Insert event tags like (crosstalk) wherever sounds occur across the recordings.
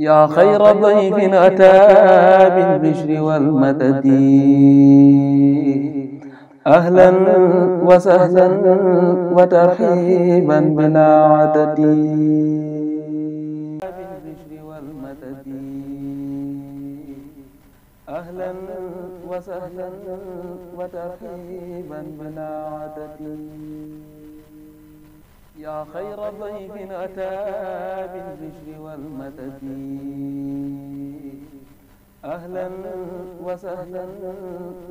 yaa xayra dayfin ataa bil bishri wal madadi ahlan wa sahlan wa tarhiiban bilaa adadi أهلا وسهلا وترحيبا بلا عدد yaa xayra dayfin ataa bil bishri wal madadi ahlan wa sahlan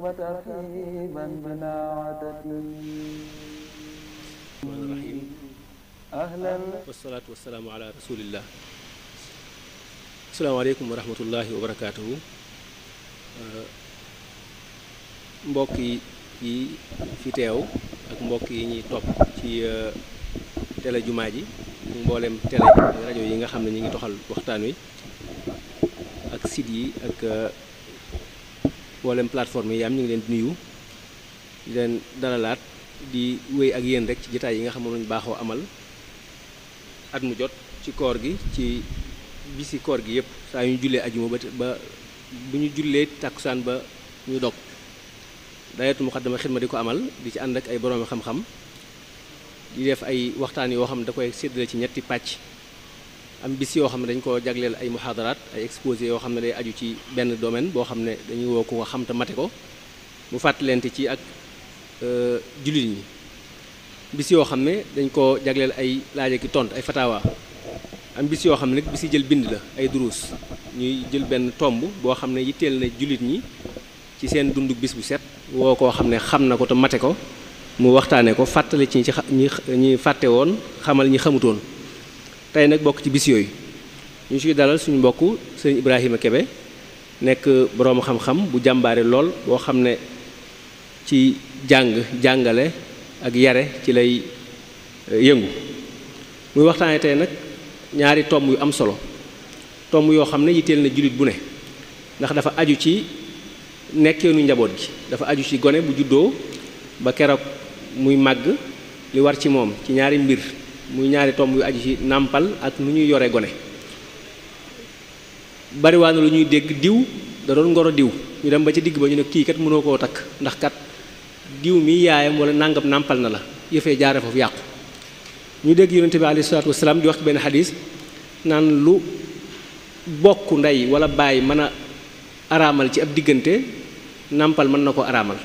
wa tarhiiban bilaa adadi ahlan wasalaatu wasalaamu ala rasulillah asalaamaaleykum wa rahmatullahi wa barakaatuhu mbokk yi fi teew ak mbokk yi ñuy topp ci télé jumaa ji mboolem télé rajo yi nga xam ne ñu ngi toxal waxtaan wi ak sit yi ak euh, mboolem plateforme yi am ñu ngi leen di nuyu leen dalalaat di wéy ak yéen rek ci jotaay yi nga xam ne lañu baaxoo amal at mu jot ci koor gi ci bisi koor gi yëpp saa yu ñu jullee ajuma ba ba bu ñu jullee tàkkusaan ba ñu dog daayatu muqaddama xidma di ko amal di ci ànd ak ay boroomi xam-xam di def ay waxtaan yoo xam ne da koy séddale ci ñetti pàcc am bis yoo xam ne dañ koo jagleel ay muhadaraat ay exposé yoo xam ne day aju ci benn domaine boo xam ne dañuy woo ko nga xam te mate ko mu fàttalente ci ak euh, jullit ñi bis yoo xam ne dañ ko jagleel ay laaja ki tont ay fatawa am bis yoo xam ne nag bisi jël bind la ay duruus ñuy jël benn tomb boo xam ne yitteel na jullit ñi ci seen dund bis bu set woo koo xam ne xam na ko te mate ko mu waxtaanee ko fàttali ci ñi ñi fàtte woon xamal ñi xamutoon tey nag bokk ci bis yooyu ñu ciy dalal suñu mbokk sëñ Ibrahima Kebe nekk boroom xam-xam bu jàmbaare lool boo xam ne ci jàng jàngale ak yare ci lay eh, yëngu muy waxtaanee tey nag ñaari tomb yu am solo tomb yoo xam ne yitteel na jullit bu ne ndax dafa aju ci nekkeenu njaboot gi dafa aju ci gone bu juddoo ba keroog muy màgg li war ci moom ci ñaari mbir muy ñaari tomb yu aju ci nàmpal ak nu ñuy yore gone bariwaan lu ñuy dégg diw da doon ngoro diw ñu dem ba ci digg ba ñu ne kii kat mënoo koo takk ndax kat diw mi yaayam wala nangam nàmpal na la yëfe jaare foofu yàqu ñu dégg yonente bi alayhi salaatu wasalaam di wax ci benn xadis naan lu bokk ndey wala bàyyi mën a araamal ci ab diggante nàmpal mën na ko araamal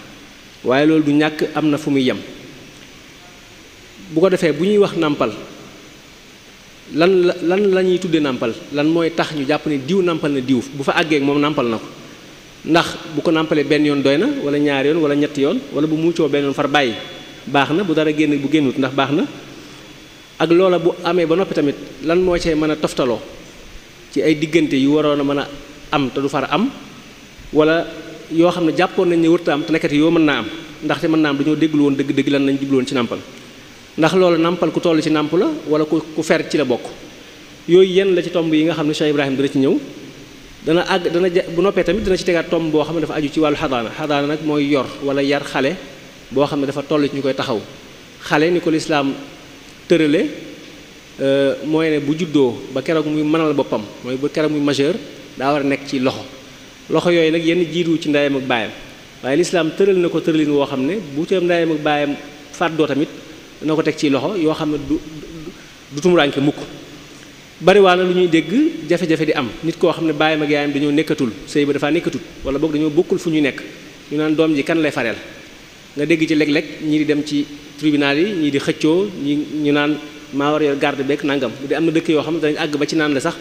waaye loolu du ñàkk am na fu muy yem bu ko defee bu ñuy wax nàmpal lan la lan lañuy ñuy tuddee nàmpal lan mooy tax ñu jàpp ne diw nàmpal na diw bu fa àggee moom nàmpal na ko ndax bu ko nàmpalee benn yoon doy na wala ñaari yoon wala ñetti yoon wala bu muccoo benn yoon far bàyyi baax na bu dara génn bu génnut ndax baax na ak loola bu amee ba noppi tamit lan moo cee mën a toftaloo ci ay diggante yu waroon a mën a am te du far am wala yoo xam ne jàppoon nañ ne wërta am te nekkati yoo mën naa am ndaxte mën naa am dañoo dégglu woon dëgg-dëgg lan lañ jublu ci nàmpal ndax loolu nàmpal ku toll ci nàmp la wala ku ku fer ci la bokk yooyu yenn la ci tomb yi nga xam ne Cheikh Ibrahima dina ci ñëw dana àgg dana bu noppee tamit dana ci tegaat tomb boo xam ne dafa aju ci wàllu xadaana xadaana nag mooy yor wala yar xale boo xam ne dafa toll ci ñu koy taxaw xale ni ko lislaam tërale euh, mooy ne bu juddoo ba keroog muy mënal boppam mooy ba keroog muy daa war a nekk ci loxo loxo yooyu nag yenn jiitu ci ndayam ak baayam waaye lislaam tëral na ko tëralin woo xam ne bu teem ndayam ak baayam fàddoo tamit na ko teg ci loxo yoo xam ne du du tumuraanke mukk bariwaa na lu ñuy dégg jafe-jafe di am nit koo xam ne baayam ak yaayam dañoo nekkatul sëy ba dafaa nekkatul wala boog dañoo bokkul fu ñu nekk ñu naan doom ji kan lay fareel nga dégg ci léeg-léeg ñii di dem ci tribunal yi ñii di xëccoo ñi ñu naan maa war garde beeg nangam bu dee na dëkk yoo xam ne dañ àgg ba ci naan sax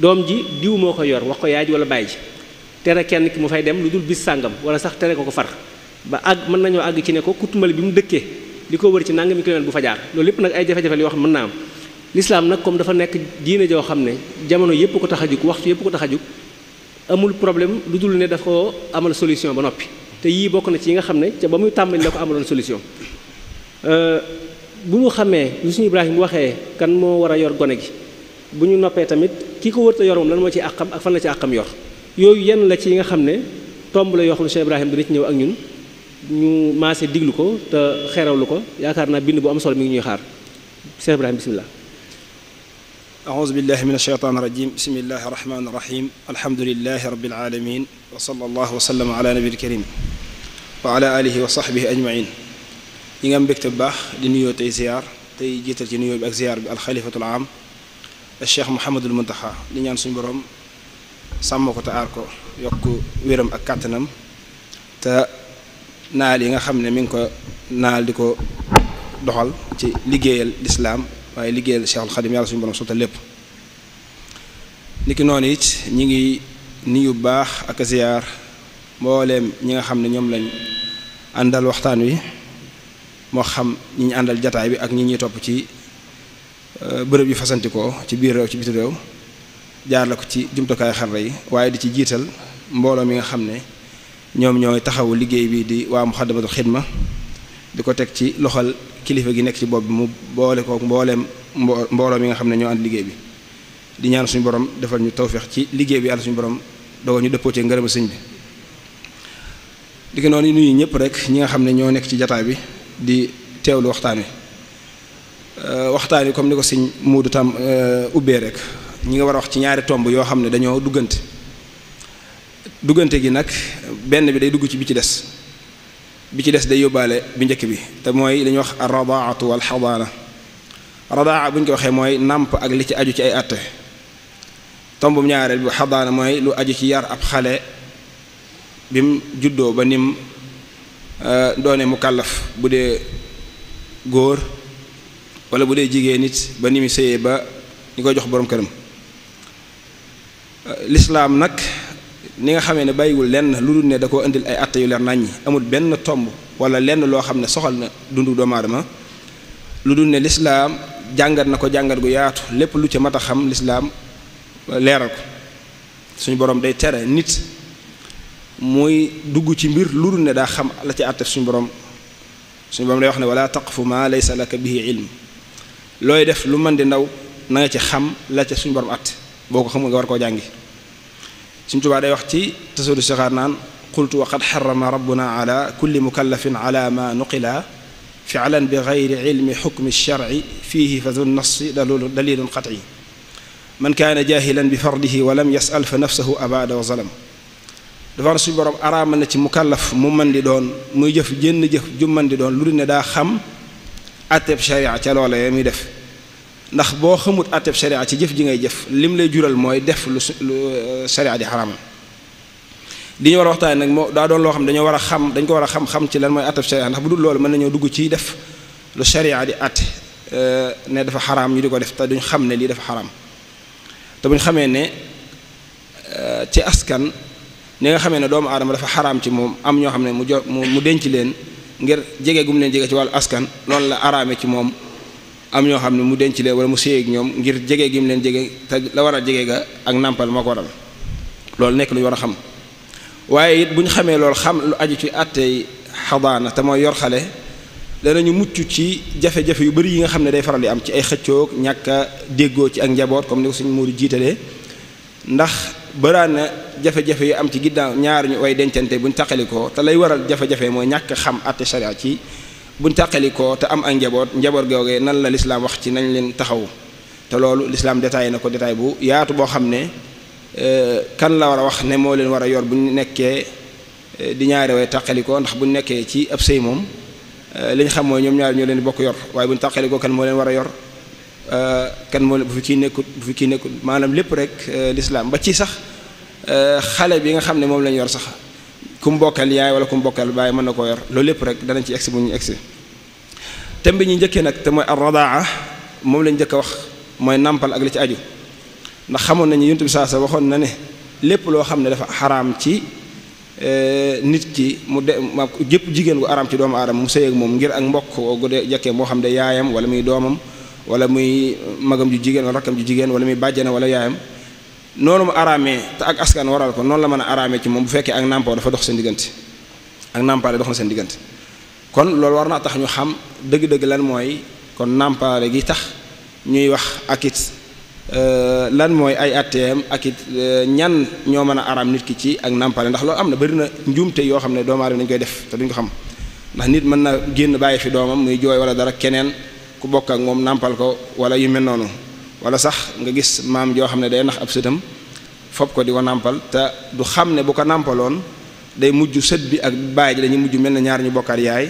doom ji diw moo ko yor wax ko yaay ji wala bàyyi ji tere kenn ki mu fay dem lu dul bis sàngam wala sax tere ko ko far ba àgg mën nañoo àgg ci ne ko kutumbali bi mu dëkkee li ko wër ci nangami kilomètre bu fa loolu lépp nag ay jafe-jafe yoo xam ne mën naa nag comme dafa nekk diine joo xam ne jamono yépp ko tax a jug waxtu yépp ko tax a jug amul problème lu dul ne daf ko amal solution ba noppi te yii bokk na ci yi nga xam ne ca ba muy tàmbali la ko amaloon solution euh, bu mu xamee lu suñu Ibrahima waxee kan moo war a yor gone gi bu ñu noppee tamit ki ko wërta yor moom lan moo ci àqam ak fan la ci àqam yor yooyu yenn la ci yi nga xam ne tomb la yoo xam ne Cheikh Ibrahima ci ñëw ak ñun ñu maase diglu ko te xeerawlu ko yaakaar naa bind bu am sol mi ngi ñuy xaar Cheikh Ibrahima bisimilah أعوذ بالله من الشيطان الرجيم بسم الله الرحمن الرحيم الحمد لله رب العالمين وصلى الله وسلم على نبي الكريم وعلى آله nga am mbégte bu baax di nuyoo tey ziyaar tey jiital ci nuyoo bi ak ziyaar bi alxalifatul aam Cheikh Mouhamadul Muntaxa di ñaan suñu borom sàmm ko te aar ko yokk wéram ak kàttanam te naal yi nga xam ne mi ngi ko naal di ko doxal ci liggéeyal lislaam waaye liggéeyal Cheikhul Xadim yàlla suñu borom sottal lépp niki noonu it ñi ngi nuyu yu baax ak ziyaar mbooleem ñi nga xam ne ñoom lañ àndal waxtaan wi moo xam ñi àndal jataay bi ak ñi ñuy topp ci Euh, bërëb yu fasanti ci biir réew ci biti réew jaar la ko ci jumtukaay xarala yi waaye di ci jiital mbooloo mi nga xam ne ñoom ñooy taxawu liggéey bi di waa Muxaddamatul Xidma di ko teg ci loxol kilifa gi nekk ci bopp bi mu boole ko mbooleem mbooloo mi nga xam ne ñoo ànd liggéey bi di ñaan suñu borom defal ñu tawféex ci liggéey bi yàlla suñu borom dogal ñu dëppoo ci ngërëma sëñ bi di noonu nuyu ñëpp rek ñi nga xam ne ñoo nekk ci jataay bi di teewlu waxtaan wi Euh, waxtaan yi comme ni ko sëñ Muudu tam euh, ubbee rek ñi nga war a wax ci ñaari tomb yoo xam ne dañoo duggante duggante gi nag benn bi day dugg ci bi ci des bi ci des day yóbbaale bi njëkk bi te mooy li ñuy wax radaatu wal xadaana radaa bu ko waxee mooy nàmp ak li ci aju ci ay àtte tombu ñaareel bi xadaana mooy lu aju ci yar ab xale bim juddoo ba nim euh, doone mu kàllaf bu dee góor wala bu dee jigéen nit ba ni muy sëyee ba ñu koy jox boroom këram euh, lislaam nag ni nga xamee ne bàyyiwul lenn lu dul ne da koo indil ay atte yu leer naññi amul benn tomb wala lenn loo xam ne soxal na dundu doomu aadama lu dul ne lislaam jàngat na ko jàngat gu yaatu lépp lu ca mat a xam lislaam leeral ko suñu borom day tere nit muy dugg ci mbir lu dul ne daa xam la ca àtte suñu borom suñu borom day wax ne wala taqfu ma laysa laka bihi ilm looy def lu mën di ndaw na ci xam la ca suñu borom at boo ko xamul war koo jàngi suñ tubaa day wax ci tasawdu sixaar naan qultu wa qad xarama rabbuna ala kulli mukallafin ala ma nuqila filan bi geyri cilmi xukmi araamal na ci mukallaf mu man di doon muy jëf jénn jëf ju man doon lu dul ne daa xam atteb sharia ca loola ya muy def ndax boo xamut ate sharia ci jëf ji ngay jëf lim lay jural mooy def lu euh, sharia di xaraamal li ñu war a waxtaane nag moo daa doon loo xam dañoo war a xam dañ ko war a xam-xam ci lan mooy atteb sharia ndax bu dul loolu mën nañoo dugg ci def lu sharia di atte euh, ne dafa xaram ñu di ko def te duñ xam ne lii dafa xaraam te buñ xamee ne euh, ci askan ni nga xamee ne doomu aadama dafa xaram ci moom am ñoo xam ne mu jo mu denc leen ngir jege gum leen jege ci wàllu askan loolu la araame ci moom am ñoo xam ne mu denc leen wala mu séyeeg ñoom ngir jege gim leen jege te la war a jege ga ak nàmpal moo ko waral loolu nekk lu ñu war a xam waaye it bu ñu xamee loolu xam lu aju ci àttey xadaana te mooy yor xale dana ñu mucc ci jafe-jafe yu bari yi nga xam ne day faral di am ci ay xëccoog ñàkk déggoo ci ak njaboot comme ni ko suñu Moodu jiitalee ndax bëraa na jafe-jafe yu am ci ginnaaw ñaar ñu way dencante buñ taqalikoo te lay waral jafe-jafe mooy ñàkk xam àtte sharia ci buñ taqalikoo te am ak njaboot njaboot googee nan la lislaam wax ci nañ leen taxaw te loolu lislaam détaillé na ko détail bu yaatu boo xam ne euh, kan la war a wax ne moo leen war a yor bu ñu nekkee euh, di ñaari way taqalikoo ndax bu ñu nekkee ci ab say moom euh, li ñu xam mooy ñoom ñaar ñoo leen bokk yor waaye bu ñu taqalikoo kan moo leen war a yor Euh, kan moo bu fi kii nekkut bu fi kii maanaam lépp rek euh, lislaam ba ci sax euh, xale bi nga xam ne moom la ñu yor sax ku mu bokkal yaay wala ku mu bokkal baay mën na koo yor loolu lépp rek danañ ci egsi bu ñu egsi thème ñu njëkkee nag te mooy ar-radaa moom lañ njëkk wax mooy nàmpal ak li ci aju ndax xamoon nañu yonent saa sa waxoon na ne lépp loo xam ne dafa xaraam ci nit ki mu de ma jëpp jigéen gu araam ci doomu aadama mu sëy ak moom ngir ak mbokk gu de jekkee moo xam ne yaayam wala muy doomam wala muy magam ju jigéen wala rakkam ju jigéen wala muy na wala yaayam noonu mu araamee te ak askan waral ko noonu la mën a araamee ci moom bu fekkee ak nàmpoo dafa dox seen diggante ak nàmpaale dox na seen diggante kon loolu war naa tax ñu xam dëgg-dëgg lan mooy kon nàmpaale gi tax ñuy wax ak it euh, lan mooy ay atteem ak it euh, ñan ñoo mën a araam nit ki ci ak nàmpaale ndax loolu am na bari na njuumte yoo xam ne doomu aadama dañu koy def te duñ ko xam ndax nit mën na génn bàyyi fi doomam muy jooy wala dara keneen ku bokk ak moom nàmpal ko wala yu mel noonu wala sax nga gis maam joo xam ne day nax ab sëtam fopp ko di ko nàmpal te du xam ne bu ko nàmpaloon day mujj sët bi ak baay ji dañuy mujj mel ne ñaar ñu bokkaat yaay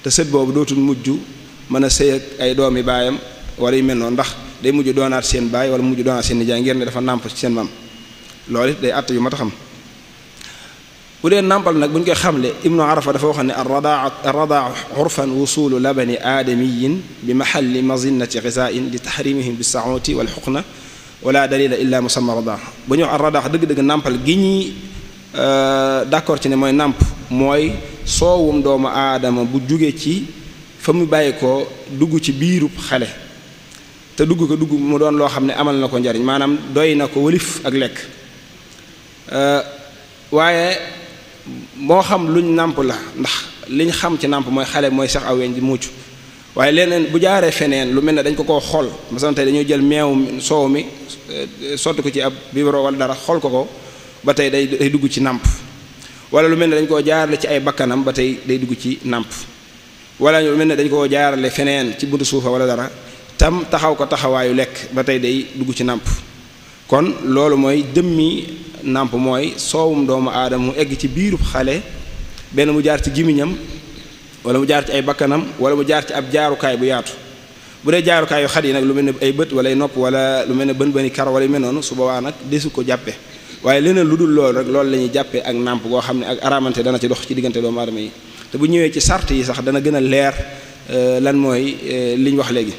te sët boobu dootul mujj mën a sëy ak ay doomi baayam wala yu mel noonu ndax day mujj doon doonaat seen baay wala mujj doonaat seen nijaay ngir ne dafa nàmp ci seen maam loolu it day àtt yu mat a bu dee nàmpal nag bu ñu koy xamle ibnu arafa dafa wax ne arradaa arradaa urfan wusulu labani aadamiyin bi maxalli mazinnati xisain li taxrimihim bi saoti wal xuqna wala dalila illa musamma radaa bu ñu wax arradaa dëgg-dëgg nàmpal gi ñuy euh, d'accord ci ne mooy nàmp mooy soowum doomu aadama bu jóge ci fa mu bàyyi ko dugg ci biirub xale te dugg ko dugg mu doon loo xam ne amal na ko njariñ maanaam doy na ko wëlif ak lekk euh, waaye moo xam luñ nàmp la ndax liñ xam ci nàmp mooy xale mooy sax aweñ di muuc waaye leneen bu jaaree feneen lu mel ne dañ ko koo xool masalan tey dañuy jël meew soow mi eh, sotti ko ci ab biberon wala dara xool ko ko ba tey day day dugg ci nàmp wala lu mel ne dañ koo jaarale ci ay bakkanam ba tey day dugg ci nàmp wala lu mel ne dañ koo jaarale feneen ci buntu suufa wala dara tam taxaw ko taxawaayu lekk ba tey day dugg ci nàmp kon loolu mooy jëmmi nàmp mooy soowum doomu aadama mu egg ci biirub xale benn mu jaar ci gimiñam wala mu jaar ci ay bakkanam wala mu jaar ci ab jaarukaay bu yaatu bu dee jaarukaay yu xat yi nag lu mel ne ay bët wala ay nopp wala lu mel ne bën bëni kar wala yu mel noonu su boobaa nag desu ko jàppe waaye leneen lu dul loolu rek loolu la ñuy jàppee ak nàmp goo xam ne ak aramante dana ci dox ci diggante doomu aadama yi te bu ñëwee ci sart yi sax dana gën a leer euh, lan mooy euh, li ñu wax léegi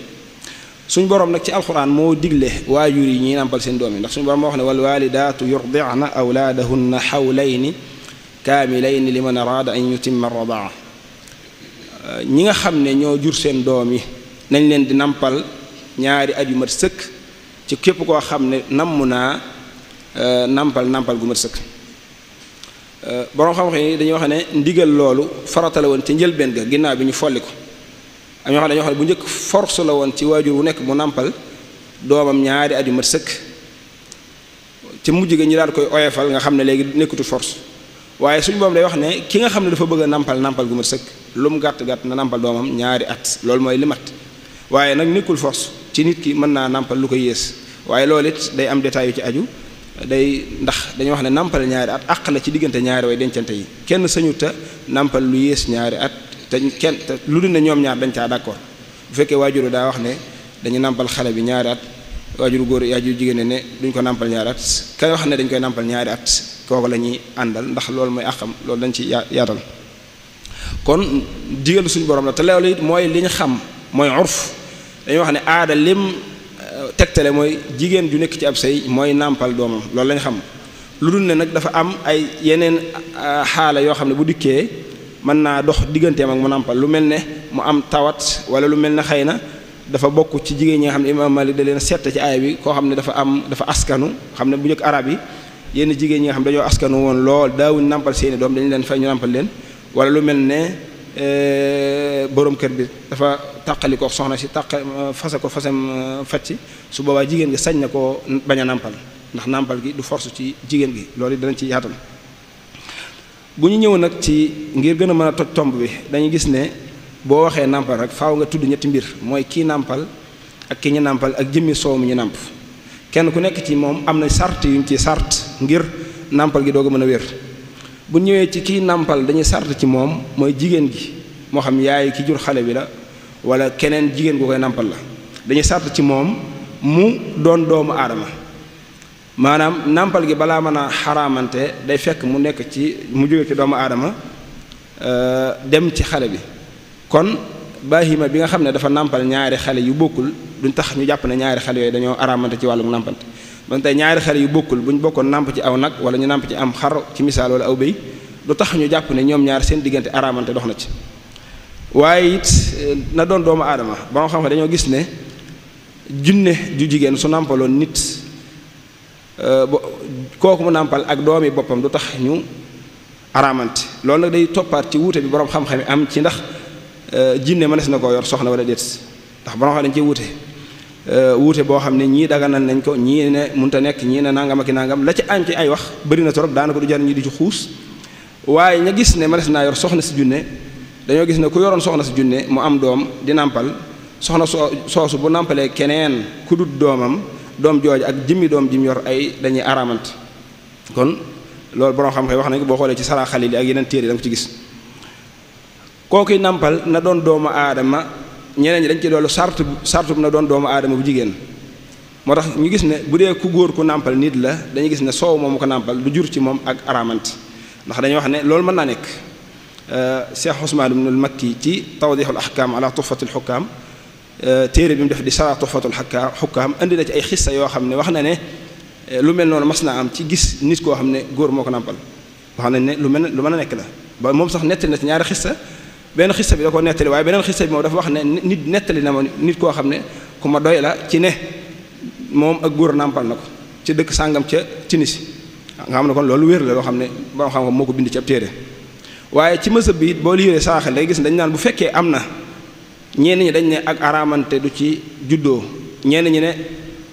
suñ borom nag ci alxuraan moo digle waajur yi ñuy nàmpal seen doom yi ndax suñu borom moo wax ne wal waalidaatu yurdicna awlaadahunna xawlayni kaamilayni liman araada an yutimma rabaa ñi nga xam ne ñoo jur seen doom yi nañ leen di nampal ñaari at yu mat sëkk ci képp koo xam ne namm naa euh, nampal nampal gu mat sëkk euh, borom xam-xam yi wax ne ndigal loolu farata la woon ci njëlbeen ga ginnaaw bi ñu folli ko am wax xam ne dañoo xam ne bu njëkk force la woon ci waajur wu nekk mu nàmpal doomam ñaari at yu mat sëkk ci mujj ga ñi daal koy oyofal nga xam ne léegi nekkutu force waaye suñu boom day wax ne ki nga xam ne dafa bëgg a nàmpal nàmpal gu ma sëkk lu mu gàtt gàtt na nàmpal doomam ñaari at loolu mooy li mat waaye nag nekkul force ci nit ki mën naa nàmpal lu koy yées waaye loolu it day am détail yu ci aju day ndax dañuy wax ne nàmpal ñaari at àq na ci diggante ñaari dencante yi kenn sañu ta nàmpal lu yées ñaari at te kenn lu dul ne ñoom ñaar dañ caa d'accord bu fekkee waajuru daa wax ne dañu nàmpal xale bi ñaari at waajuru góor waajuru jigéen ne duñ ko nàmpal ñaari at kay wax ne dañ koy nàmpal ñaari at kooku la ñuy àndal ndax loolu mooy àqam loolu dañ ci yaatal kon digal suñu borom la te mooy li ñu xam mooy urf dañuy wax ne aada lim euh, tegtale mooy jigéen ju nekk ci ab say mooy nàmpal doomam loolu lañ xam lu dul ne nag dafa am ay yeneen euh, xaala yoo xam ne bu dikkee mën naa dox digganteem ak mu nàmpal lu mel ne mu am tawat wala lu mel ne xëy na dafa bokk ci jigéen ñi nga xam ne imaam Malik da leen sett ci aaya bi koo xam ne dafa am dafa askanu xam ne bu njëkk araab yi yenn jigéen ñi nga xam dañoo askanu woon lool daawuñ nàmpal seeni doom dañu leen fay ñu nàmpal leen wala lu mel ne eh, borom kër bi dafa tàqali ko soxna si tàq fase ko fasam eh, facci su boobaa jigéen gi sañ na koo bañ a nàmpal ndax nàmpal gi du force ci jigéen gi loolu danañ ci yaatal bu ñu ñëw nag ci ngir gën a mën toj tomb bi dañu gis ne boo waxee nàmpal rek faw nga tudd ñetti mbir mooy kii nàmpal ak ki ñu nàmpal ak jëmmi soow mu ñu nàmp kenn ku nekk ci moom am na sart ñu ci sart ngir nàmpal gi doo ko mën a wér bu ñëwee ci kii nàmpal dañuy sart ci moom mooy jigéen gi moo xam yaay ki jur xale bi la wala keneen jigéen gu koy nàmpal la dañuy sart ci moom mu doon doomu aadama maanaam nàmpal gi balaa mën a xaraamante day fekk mu nekk ci mu jóge ci doomu aadama euh, dem ci xale bi kon bahima bi nga xam ne dafa nàmpal ñaari xale yu bokkul duñ tax ñu jàpp ne ñaari xale yooyu dañoo araamante ci wàllu nàmpante man tey ñaari xale yu bokkul bu ñu bokkoon nàmp ci aw nag wala ñu nàmp ci am xar ci misaal aw béy du tax ñu jàpp ne ñoom ñaari seen diggante aramante dox na ci waaye it euh, na doon doomu aadama ba nga xam ne dañoo gis ne junne ju jigéen su nàmpaloon nit Euh, kooku mu nàmpal ak doomi boppam du tax ñu araamante loolu nag day toppaat ci wuute bi borom xam-xam am ci ndax euh, jinne mënees na koo yor soxna wala déet ndax borom xam dañ ciy wuute euh, wuute boo xam ne ñii daganal nañ ko ñii ne munta nekk ñii ne nangam nàngam la ci am ci ay wax bëri na trop daanaka du jar ñi di ci xuus waaye ña gis ne mënees naa yor soxna si junne dañoo gis ne ku yoroon soxna si junne mu am doom di nàmpal soxna soo soosu bu nàmpalee keneen ku dut doomam. doom jooju ak jëmmi doom jim yor ay dañuy araamante kon loolu borom xam xam wax nañ ko boo xoolee ci sara xalil yi ak yeneen téere da nga ko ci gis kookuy nampal na doon doomu aadama ñeneen ñi dañ ci doolu sart sart bu na doon doomu aadama bu jigéen moo tax ñu gis ne bu dee ku góor ku nàmpal nit la dañuy gis ne soow moomu ko nàmpal du jur ci moom ak araamante ndax dañuy wax ne loolu mën naa nekk euh, Cheikh Ousmane ibnul Makki ci tawdixul ahkaam ala tuhfatil hukkaam Euh, téere bi mu def di sara tuxfatul xakkaa xukkaam indi na ci ay xissa yoo xam ne wax na ne euh, lu mel noonu mas naa am ci gis nit koo xam ne góor moo ko nàmpal wax nañ ne lu mel lu mën a nekk la ba moom sax nettali na ñaari xissa benn xissa ko nettali waaye beneen xissa bi dafa wax ne nit nettali na ma nit koo xam ne ku ma doy la ci ne moom ak góor nàmpal na ko ci dëkk sàngam ca Tunis nga xam ne kon loolu wér la loo xam ne moo xam nga moo ko bind ci ab téere waaye ci mësëb bi it boo liiree saaxal day gis dañ naan bu fekkee am na ñenn ñi dañ ne ak araamante du ci juddoo ñenn ñi ne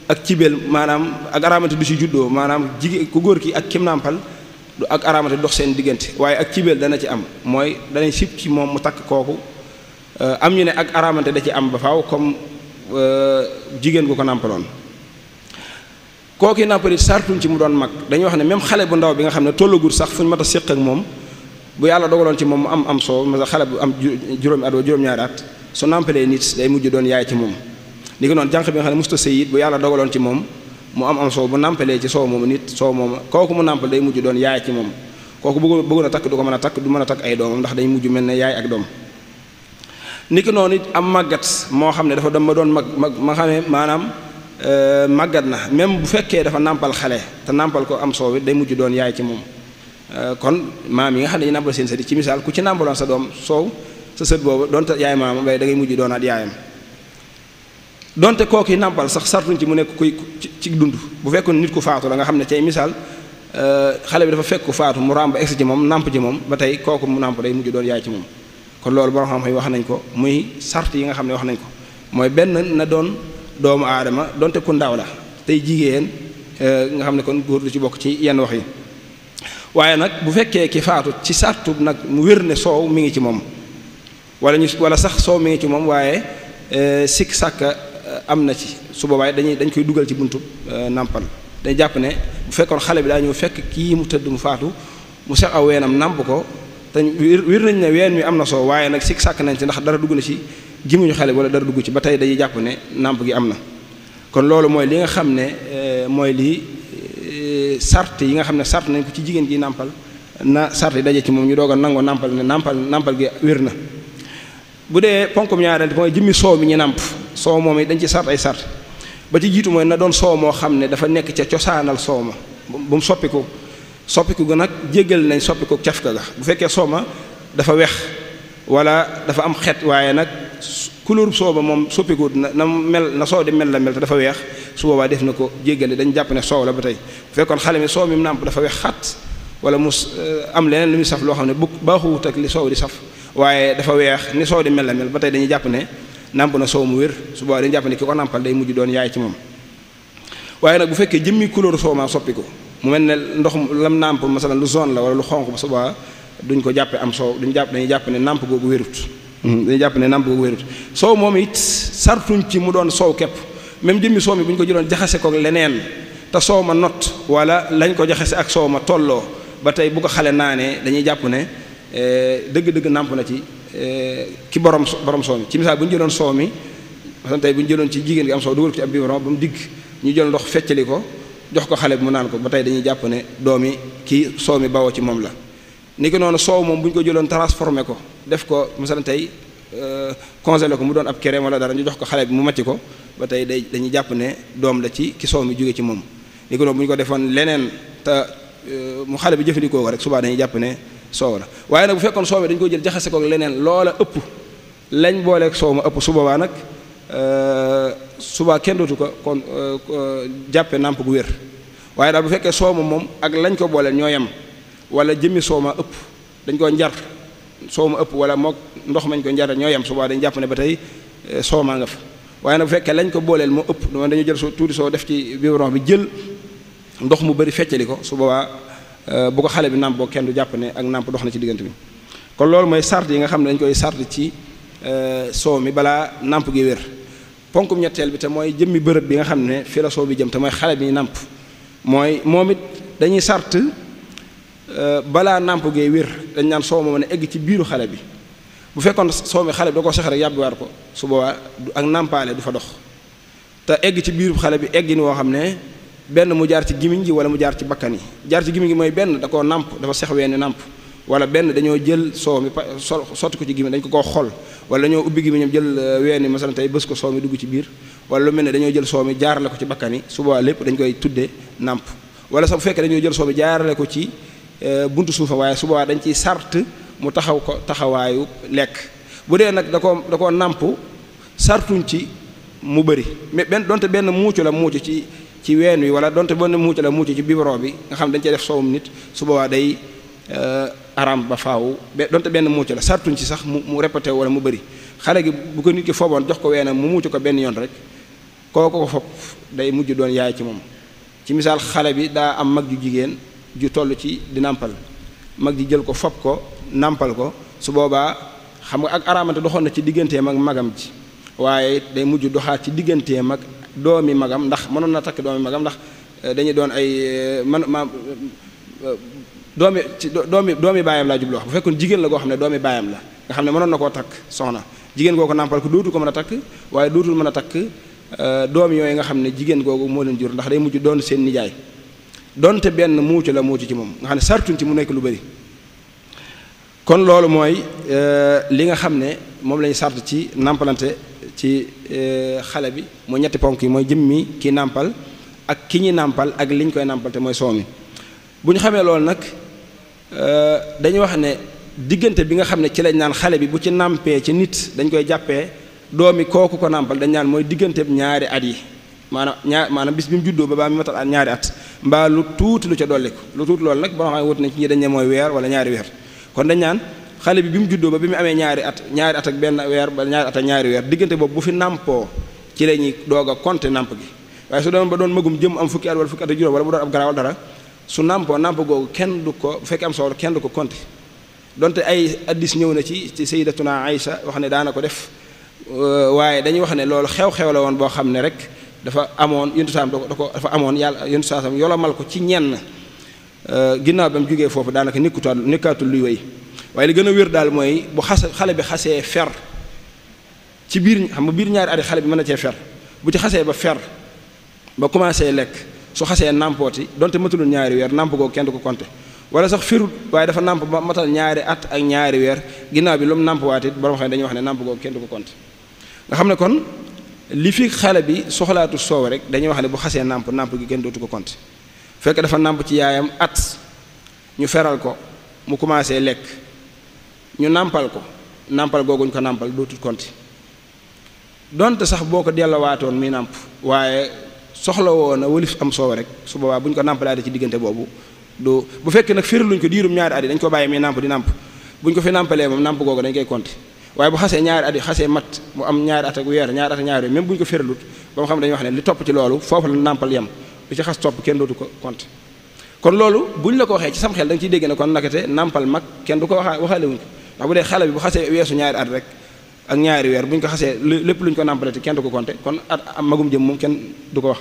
ak cibeel maanaam ak araamante du ci juddoo maanaam jigéen ku góor ki ak kim nàmpal du ak araamante dox seen diggante waaye ak cibeel dana ci am mooy danay sib ci moom mu takk kooku am ñu ne ak araamante da ci am ba faaw comme euh, jigéen gu ko nàmpaloon kooku nàmpalit sartuñ ci mu doon mag dañuy wax ne même xale bu ndaw bi nga xam ne tollagul sax fu ñu mat a séq ak moom bu yàlla dogaloon ci moom mu am am soo ma xale bu am juróomi at wala juróom-ñaari su nampalee nit day mujj doon yaay ci moom ni ko noonu jànq bi xam ne musta sëy bu yàlla dogaloon ci moom mu am am soo bu nampalee ci soo moomu nit soo moomu kooku mu nàmpal day mujj doon yaay ci moom kooku bëgg bëggoon a takk du mën a takk du mën a takk ay doomam ndax day mujj mel ne yaay ak doom ni ki noonu am màggat moo xam ne dafa dem ma doon mag mag ma xam ne maanaam euh, màggat na même bu fekkee dafa nàmpal xale te nàmpal ko am soo day mujj doon yaay ci moom Euh, kon maam yi nga xam ne ñu nàmbal seen sët ci misaal ku ci nàmbaloon sa doom soow sa sët boobu donte yaay maamam waaye da ngay mujj doonaat yaayam donte kooku yi nàmpal sax sartuñ ci mu nekk kuy ci dund bu fekkoon nit ku faatu la nga xam ne cay misaal euh, xale bi dafa fekk faatu mu ràmb egsi ci moom nàmp ci moom ba tey kooku mu nàmp day mujj doon yaay ci moom kon loolu borom xam-xam yi wax nañ ko muy sart yi nga xam ne wax nañ ko mooy benn na doon doomu aadama donte ku ndaw la tey jigéen euh, nga xam ne kon góor lu ci bokk ci yenn wax yi waaye nag bu fekkee ki faatu ci sartu nag mu wér ne soow mi ngi ci moom wala ñu wala sax soow mi ngi ci moom waaye eh, sikk sàkk eh, am na ci su boobaay dañuy dañ koy dugal ci buntu eh, nàmpal dañ jàpp ne bu fekkoon xale bi daa ñëw fekk kii mu tëdd mu faatu mu sex aw weenam nàmp ko te wér nañ ne ween wi am na soow waaye nag sikk sàkk nañ ci ndax dara dugg na ci jimuñu xale bi wala dara dugg ci ba tey dañuy jàpp ne nàmp gi am na kon loolu mooy li nga xam ne mooy lii Eh, sart yi nga xam ne sart nañ ko ci jigéen ji nàmpal na sart yi daje ci moom ñu doog a nangoo nàmpal ne nàmpal nàmpal gi wér na bu dee ponk ponkum ñaareel mooy jëmmi soow mi ñu nàmp soow moom it dañ ci sart ay sart ba ci jiitu mooy na doon soow moo xam ne dafa nekk ca cosaanal soow ma bu mu soppiku soppiku ga nag jéggal nañ soppiku cafka ga bu fekkee soow ma dafa wex wala dafa am xet waaye nag couleur soow ba moom soppikuut na na mel na soow di mel la mel te dafa weex su boobaa def na ko jéggale dañu jàpp ne soow la ba tey bu fekkoon xale mi soow mi mu nàmp dafa weex xat wala mu eh, am leneen lu muy loo xam ne bu baaxuwut ak li soow di saf waaye dafa weex ni soow di mel la mel ba tey dañuy jàpp ne nàmp na soow mu wér su boobaa dañu ne ki ko nàmpal day mujj doon yaay ci moom waaye nag bu fekkee jëmmi couleur soow maa soppiku mu mel ne ndox lam nàmp masalan lu zone la wala lu xonq ba su duñ ko jàppe am soow duñ jàpp dañuy jàpp ne nàmp googu wérut Mm, dañuy jàpp ne nàmp googu wérut soow moom it sartuñ ci mu doon soow képp même jëmmi soow mi bu ñu ko jëloon jaxase ko leneen te soow ma not wala lañ ko jaxase ak soow ma tolloo ba tey bu ko xale naanee dañuy jàpp ne eh, dëgg-dëgg nàmp na ci eh, ki borom borom soow mi ci misaal bu ñu jëloon soow mi maanaam tey bu ñu jëloon ci jigéen gi am soow dugal ko ci ab biberon ba mu digg ñu jël ndox feccali ko jox ko xale bi mu naan ko ba tey dañuy jàpp ne doomi kii soow mi bawoo ci moom la ni ki noonu soow moom bu ñu ko jëloon transformé ko def ko masalan tey euh, congelé ko mu doon ab crème wala dara ñu jox ko xale bi mu màcc ko ba tey day dañuy jàpp ne doom la ci ki soow mi jógee ci moom ni bu ñu ko defoon leneen te euh, mu xale bi jëfandikoo rek subaa dañuy jàpp ne soow la waaye nag bu fekkoon soow mi ko jël jaxase ko leneen loola ëpp lañ booleeg soow ma ëpp su boobaa nag euh, subaa kenn dootu ko kon jàppe nàmp gu wér waaye daal bu fekkee soow ma moom ak lañ ko booleel ñoo yem wala jëmmi soow ma ëpp dañ koo njar soow ma ëpp wala moog ndox mañ ko njar ñoo yem subaa dañ jàpp ne ba tey eh, soow maa nga fa waaye nag bu fekkee ko booleel moo ëpp noonu dañu jël soo tuuti soo def ci biberon bi jël ndox mu bëri feccali ko su boobaa eh, bu ko xale bi nàmp kenn du jàpp ne ak nàmp dox na ci diggante bi kon loolu mooy sart yi nga xam ne dañ koy sart ci eh, soow mi balaa nàmp gi wér ponkum ñetteel bi te mooy jëmmi bërëb bi nga xam ne fi la soow bi jëm te mooy xale bi nàmp mooy moom it dañuy sart Euh, balaa nàmp gee wér dañ naan soow ma mën a egg ci biiru xale bi bu fekkoon soow mi xale bi da koo sax rek yàbbiwaat ko su ak nàmpaale du fa dox te egg ci biiru xale bi eggin woo xam ne benn mu jaar ci gimiñ ji wala mu jaar ci bakkan yi jaar ci gimiñ gi mooy benn da koo nàmp dafa sex weeni nàmp wala benn dañoo jël soow mi pa sotti ko ci gimiñ dañ ko koo xol wala dañoo ubbi gimiñam jël euh, weeni masalan tey bés ko soow mi dugg ci biir wala mel ne dañoo jël soow mi jaarale ko ci bakkan yi su boobaa lépp dañ koy tuddee nàmp wala sax bu fekkee dañoo jël soow mi jaarale ko ci Eh, buntu suufa waaye su boobaa dañ ciy sart mu taxaw ko taxawaayu lekk bu dee nag da ko da koo nàmp sartuñ ci mu bëri mais benn donte benn muucu la muucu ci ci ween wi wala donte benn muucu la muucu ci biberon bi nga xam dañ cee def soowum nit su boobaa day eh, aram ba faw be donte benn muucu la sartuñ ci sax mu mu répété wala mu bëri xale gi bu ko nit ki fooboon jox ko weenam mu muucu ko benn yoon rek kooku ko fopp day mujj doon yaay ci moom ci misaal xale bi daa am mag jigéen ju toll ci di nàmpal mag ji jël ko fob ko nàmpal ko su boobaa xam nga ak araamante doxoon na ci digganteem ak magam ji waaye day mujj doxaat ci digganteem ak doomi magam ndax mënoon na takk doomi magam ndax eh, dañuy doon ay eh, man ma eh, doomi ci doomi doomi baayam laa jubloo wax bu fekkoon jigéen la goo xam ne doomi baayam la nga xam ne mënoon na koo takk soxna jigéen koo ko nàmpal ko dootul ko mën a takk waaye dootul mën a takk doom yooyu nga xam ne jigéen googu moo leen jur ndax day mujj doon seen nijaay donte benn muucu la muucu ci moom nga xam ne sartuñ ci mu nekk lu bari kon loolu mooy euh, li nga xam ne moom lañu sart ci nàmpalante ci euh, xale bi mooy ñetti ponk yi mooy jëmmi ki nàmpal ak ki ñuy nàmpal ak li ñu koy nàmpal te mooy soow mi bu ñu xamee loolu nag euh, dañuy wax ne diggante bi nga xam ne ci lañ naan xale bi bu ci nàmpee ci nit dañ koy jàppee doomi kooku ko nàmpal dañ naan mooy digganteeb ñaari at yi maanaam ñaar maana bis bi mu juddoo ba baa mi matal at ñaari at mbaa lu tuuti lu ca dolliku lu tuuti loolu nag boo xam ne wut nañ ci ñi dañ ne mooy weer wala ñaari weer kon dañ naan xale bi bi mu juddoo ba bi mu amee ñaari at ñaari at ak benn weer ba ñaari at ak ñaari weer diggante boobu bu fi nàmpoo ci la ñuy doog a compter nàmp gi waaye su doon ba doon magum jëm am fukki at wala fukki at ak juróom wala bu doon ab garaawal dara su nàmpoo nàmp googu kenn du ko bu fekkee am solo ko compter donte ay addis ñëw na ci ci sayyidatuna Aïcha wax ne daana ko def waaye dañuy wax ne loolu xew-xew la woon boo xam ne rek dafa amoon yontu saam da ko dafa amoon yàlla yontu saam yolomal ko ci ñenn euh, ginnaaw ba mu jógee foofu daanaka nekkutaan nekkaatul luy wéy waaye li gën a wér daal mooy bu xas xale bi xasee fer ci biir xam nga biir ñaari at xale bi mën na cee fer bu ci xasee ba fer ba commencé lekk su xasee nàmpooti donte matulul ñaari weer nàmp googu kenn du ko compter wala sax firut waaye dafa nàmp ba matal ñaari at ak ñaari weer ginnaaw bi lu mu nàmpwaat it borom xam ne dañuy wax ne nàmp googu kenn du ko compter li fi xale bi soxlaatu soow rek dañuy wax ne bu xasee nàmp nàmp gi kenn dootu ko compter fekk dafa nàmp ci yaayam at ñu feral ko mu commencé lekk ñu nàmpal ko nàmpal googuñ ko nàmpal dootul compter donte sax boo ko dellowaatoon muy nàmp waaye soxla woon na wëlif am soow rek su boobaa bu ñu ko nàmpalaate ci diggante boobu du bu fekkee nag firi ko diirum ñaari at yi dañ ko bàyyi muy nàmp di nàmp bu ñu ko fi nàmpalee moom nàmp googu dañ koy compter waaye bu xasee ñaari at yi xasee mat mu am ñaari at ak weer ñaari at ak ñaari même bu ñu ko féralut ba mu xam ne dañuy wax ne li topp ci loolu foofu la nàmpal yem lu ci xas topp kenn dootu ko kont kon loolu bu la ko waxee ci sam xel da ciy dégg kon nakate nàmpal mag kenn du ko waxaa waxaale wuñ ko xale bi bu xasee weesu ñaari at rek ak ñaari ko xasee lépp lu ñu ko nàmpalati kenn du ko compte kon at magum jëm moom kenn du ko wax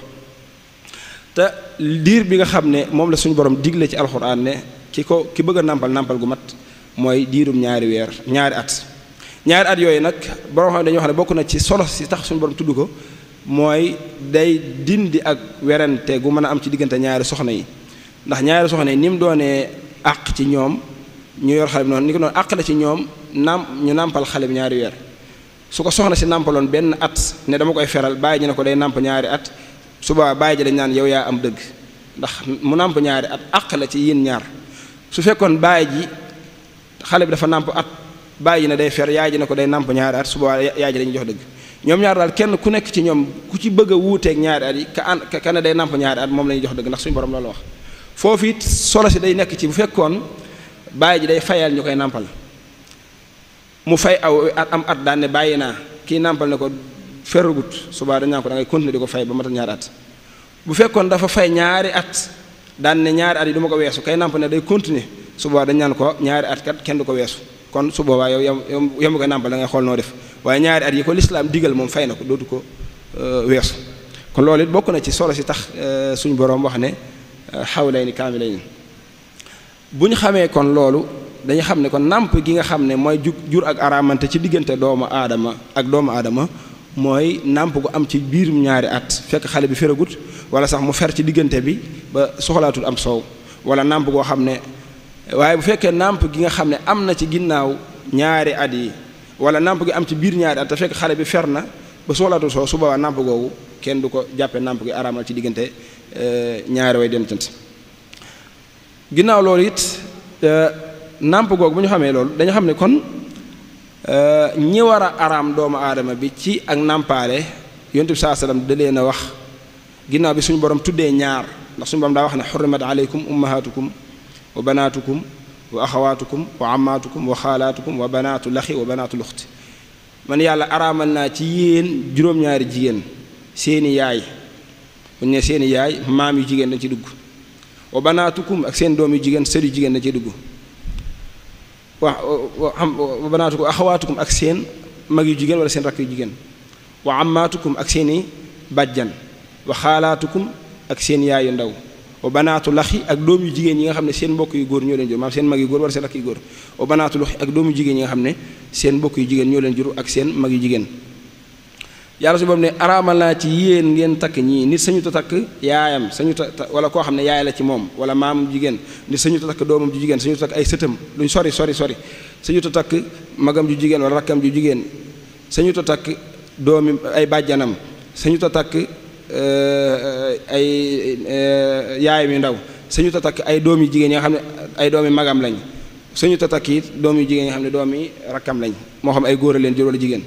te diir bi nga xam ne moom la suñu borom digle ci alxuraan ne ki ko ki bëgg a nampal nàmpal gu mat mooy diirum ñaari weer ñaari at ñaari at yooyu nag borom xam dañuy wax ne bokk na ci solo si tax suñu borom tudd ko mooy day dindi ak werante gu mën a am ci diggante ñaari soxna yi ndax ñaari soxna yi ni mu doonee àq ci ñoom ñu yor xale bi noonu ni ko la ci ñoom naam ñu nàmpal xale bi ñaari weer su ko soxna si nàmpaloon benn at ne dama koy feral bàyyi ji ne ko day nàmp ñaari at suba bàyyi ji dañ naan yow yaa am dëgg ndax mu nàmp ñaari at àq la ci yéen ñaar su fekkoon bàyyi ji xale bi dafa nàmp at bàyyi na day fer yaay ji na ko day nàmp ñaari at suba yaay ji dañuy jox dëgg ñoom ñaar daal kenn ku nekk ci ñoom ku ci bëgg a wuuteeg ñaari at yi ka day nàmp ñaari moom la ñuy jox dëgg ndax suñu borom loolu wax foofu it solo si day nekk ci bu fekkoon bàyyi ji day fayal ñu koy nàmpal mu fay aw am at daan ne bàyyi naa kii nàmpal ne ko ferrugut suba dañ naan ko da ngay continuer di ko fay ba matal ñaari at bu fekkoon dafa fay ñaari at daan ne ñaari at yi du ko weesu kay nàmp ne day continuer suba dañ naan ko ñaari at kat kenn du ko weesu kon su boobaa yow yam yam ko nàmpal da ngay xool noo def waaye ñaari at yi ko lislaam digal moom fay na ko dootu ko euh, weesu kon loolu bokk na ci solo si tax euh, suñu boroom wax ne xaw euh, xawlayni kaamilayni bu ñu xamee kon loolu dañu xam ne kon nàmp gi nga xam ne mooy ju jur ak araamante ci diggante doomu aadama ak doomu aadama mooy nàmp gu am ci biirum ñaari at fekk xale bi feragut wala sax mu fer ci diggante bi ba soxlaatul am soow wala nàmp goo xam ne waaye bu fekkee nàmp gi nga xam ne am na ci ginnaaw ñaari at yi wala nàmp gi am ci biir ñaari at te fekk xale bi fer na ba soxlaatul soo su boobaa nàmp googu kenn du ko jàppee nàmp gi araamal ci diggante eh, ñaari way dencante ginnaaw loolu it eh, nàmp googu bu ñu xamee loolu dañu xam ne kon eh, ñi war a araam doomu aadama bi ci ak nàmpaale yonent bi saa salaam da leen wax ginnaaw bi suñu borom tuddee ñaar ndax suñ borom daa wax ne xurrimat aleykum ummahatukum wa banaatukum wa axawaatukum wa ammaatukum wa xaalaatukum wa banaatu laxi wa banaatu luxti man yàlla araamal naa ci yéen juróom-ñaari jigéen seeni yaay bu ne seeni yaay maam yu jigéen dañ ci dugg wa banaatukum ak seen doom yu jigéen sër yu jigéen dañ ci dugg wa wa banaatukum ak seen mag yu jigéen wala seen rakk yu jigéen wa ammaatukum ak seeni bàjjan wa xaalaatukum ak seen yaay yu ndaw wa banaatu laxi ak doom yu jigéen yi nga xam ne seen mbokk yu góor ñoo leen jur maam seen mag yu góor wala seen rakk yu góor wa banaatu laxi ak doom yu jigéen yi nga xam ne seen mbokk yu jigéen ñoo leen jur ak seen mag yu jigéen yàlla su boobu ne araamal naa ci yéen ngeen takk ñii nit sañu ta takk yaayam sañu ta wala koo xam ne yaay la ci moom wala maam jigéen nit sañu ta takk doomam ju jigéen sañu ta takk ay sëtam luñ sori sori sori sañu ta takk magam ju jigéen wala rakkam ju jigéen sañu ta takk doomi ay bàjjanam sañu ta takk Eh, ay eh, yaayam yu ndaw suñu ta takk ay doom yu jigéen yi nga xam ne ay doomi magam lañ suñu ta takk doom yu jigéen yi nga xam ne doomi rakkam lañ moo xam ay góor a leen jur wala jigéen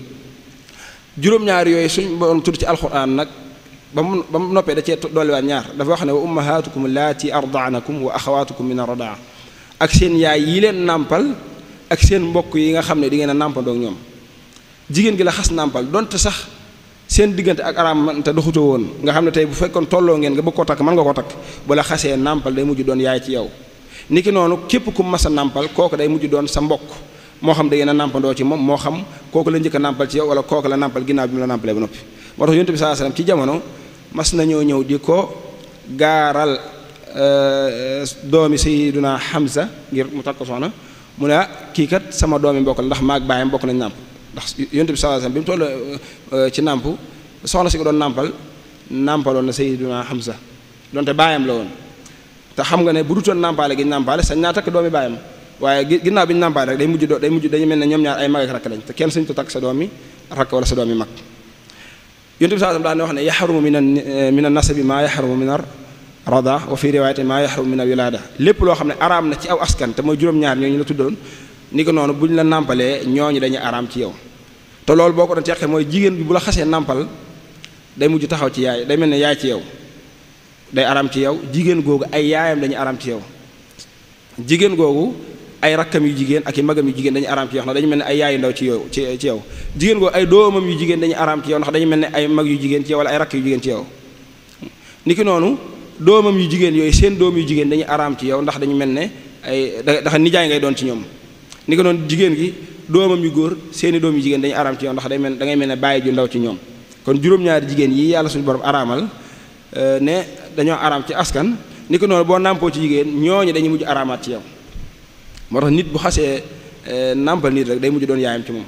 juróom-ñaar yooyu suñ borom tudd ci alxuraan nag ba mu ba mu noppee da cee dolliwaat ñaar dafa wax ne wa ummahaatukum laati ardaanakum wa axawaatukum min ardaa ak seen yaay yii leen nàmpal ak seen mbokk yi nga xam ne di ngeen a nàmpandoog ñoom jigéen gi la xas nàmpal donte sax seen diggante ak araamante doxuta woon nga xam ne tey bu fekkoon tolloo ngeen nga bëgg ko takk mën nga koo takk la xasee nàmpal day mujj doon yaay ci yow ki noonu képp ku mas a nàmpal kooku day mujj doon sa mbokk moo xam da ngeen a nàmpandoo ci moom moo xam kooku la njëkk a ci yow wala kooku la nàmpal ginnaaw bi mu la nàmpalee ba noppi moo tax yonte bi mas nañoo ñëw di ko gaaral euh, doomi sayyiduna Hamza ngir mu takk soxna mu ne ah, kii kat sama doomi mbokk la ndax maag baayam mbokk nañ nàmp ndax yonent bi sallallahu alayhi bi mu toll euh, ci nàmp soxna si ko doon nàmpal nàmpaloon na Sayyiduna Hamza donte baayam la woon te xam nga ne bu dutoon nàmpaale gi ñu nàmpaale sañ naa takk doomi baayam waaye ginnaaw bi ñu nàmpaale rek day mujj day mujj dañu mel ne ñoom ñaar ay mag ak rakk lañ te kenn sañ to takk sa doomi rakk wala sa doomi mag yonent bi sallallahu alayhi daa ne wax ne yaxrumu min eh, min an nasabi maa yaxrumu min ar rada wa fi riwaayati maa yaxrumu min al wilaada loo xam ne araam na ci aw askan te mooy juróom-ñaar ñooñu la tuddoon ni ko noonu bu ñu la nàmpalee ñooñu dañu araam ci yow te loolu boo ko doon teqee mooy jigéen bi bu la xasee nàmpal day mujj taxaw ci yaay day mel ne yaay ci yow day araam ci yow jigéen googu ay yaayam dañu araam yow jigéen googu ay rakkam yu jigéen ak i magam yu jigéen dañu araam ci yow ndax dañu mel ne ay yaayu ndaw ci yow ci ci yow jigéen googu yu jigéen dañu araam ndax dañu mel ne ay mag yu jigéen ci yow wala ay rakk yu jigéen ci yow niki noonu doomam yu jigéen yooyu seen doom yu jigéen dañu araam ci yow ndax dañu mel ne ay daxa nijaay ngay doon ci ñoom ni ko noonu jigéen gi doomam yu góor seeni doom yu jigéen dañu araam ci yow ndax day mel da ngay mel ne bàyyi ju ndaw ci ñoom kon juróom-ñaari jigéen yi yàlla suñu borom araamal euh, ne dañoo araam ci askan ni ko noonu boo nàmpoo ci jigéen ñooñu dañu mujj araamaat ci yow moo tax nit bu xasee euh, nàmpal nit rek day mujj doon yaayam ci moom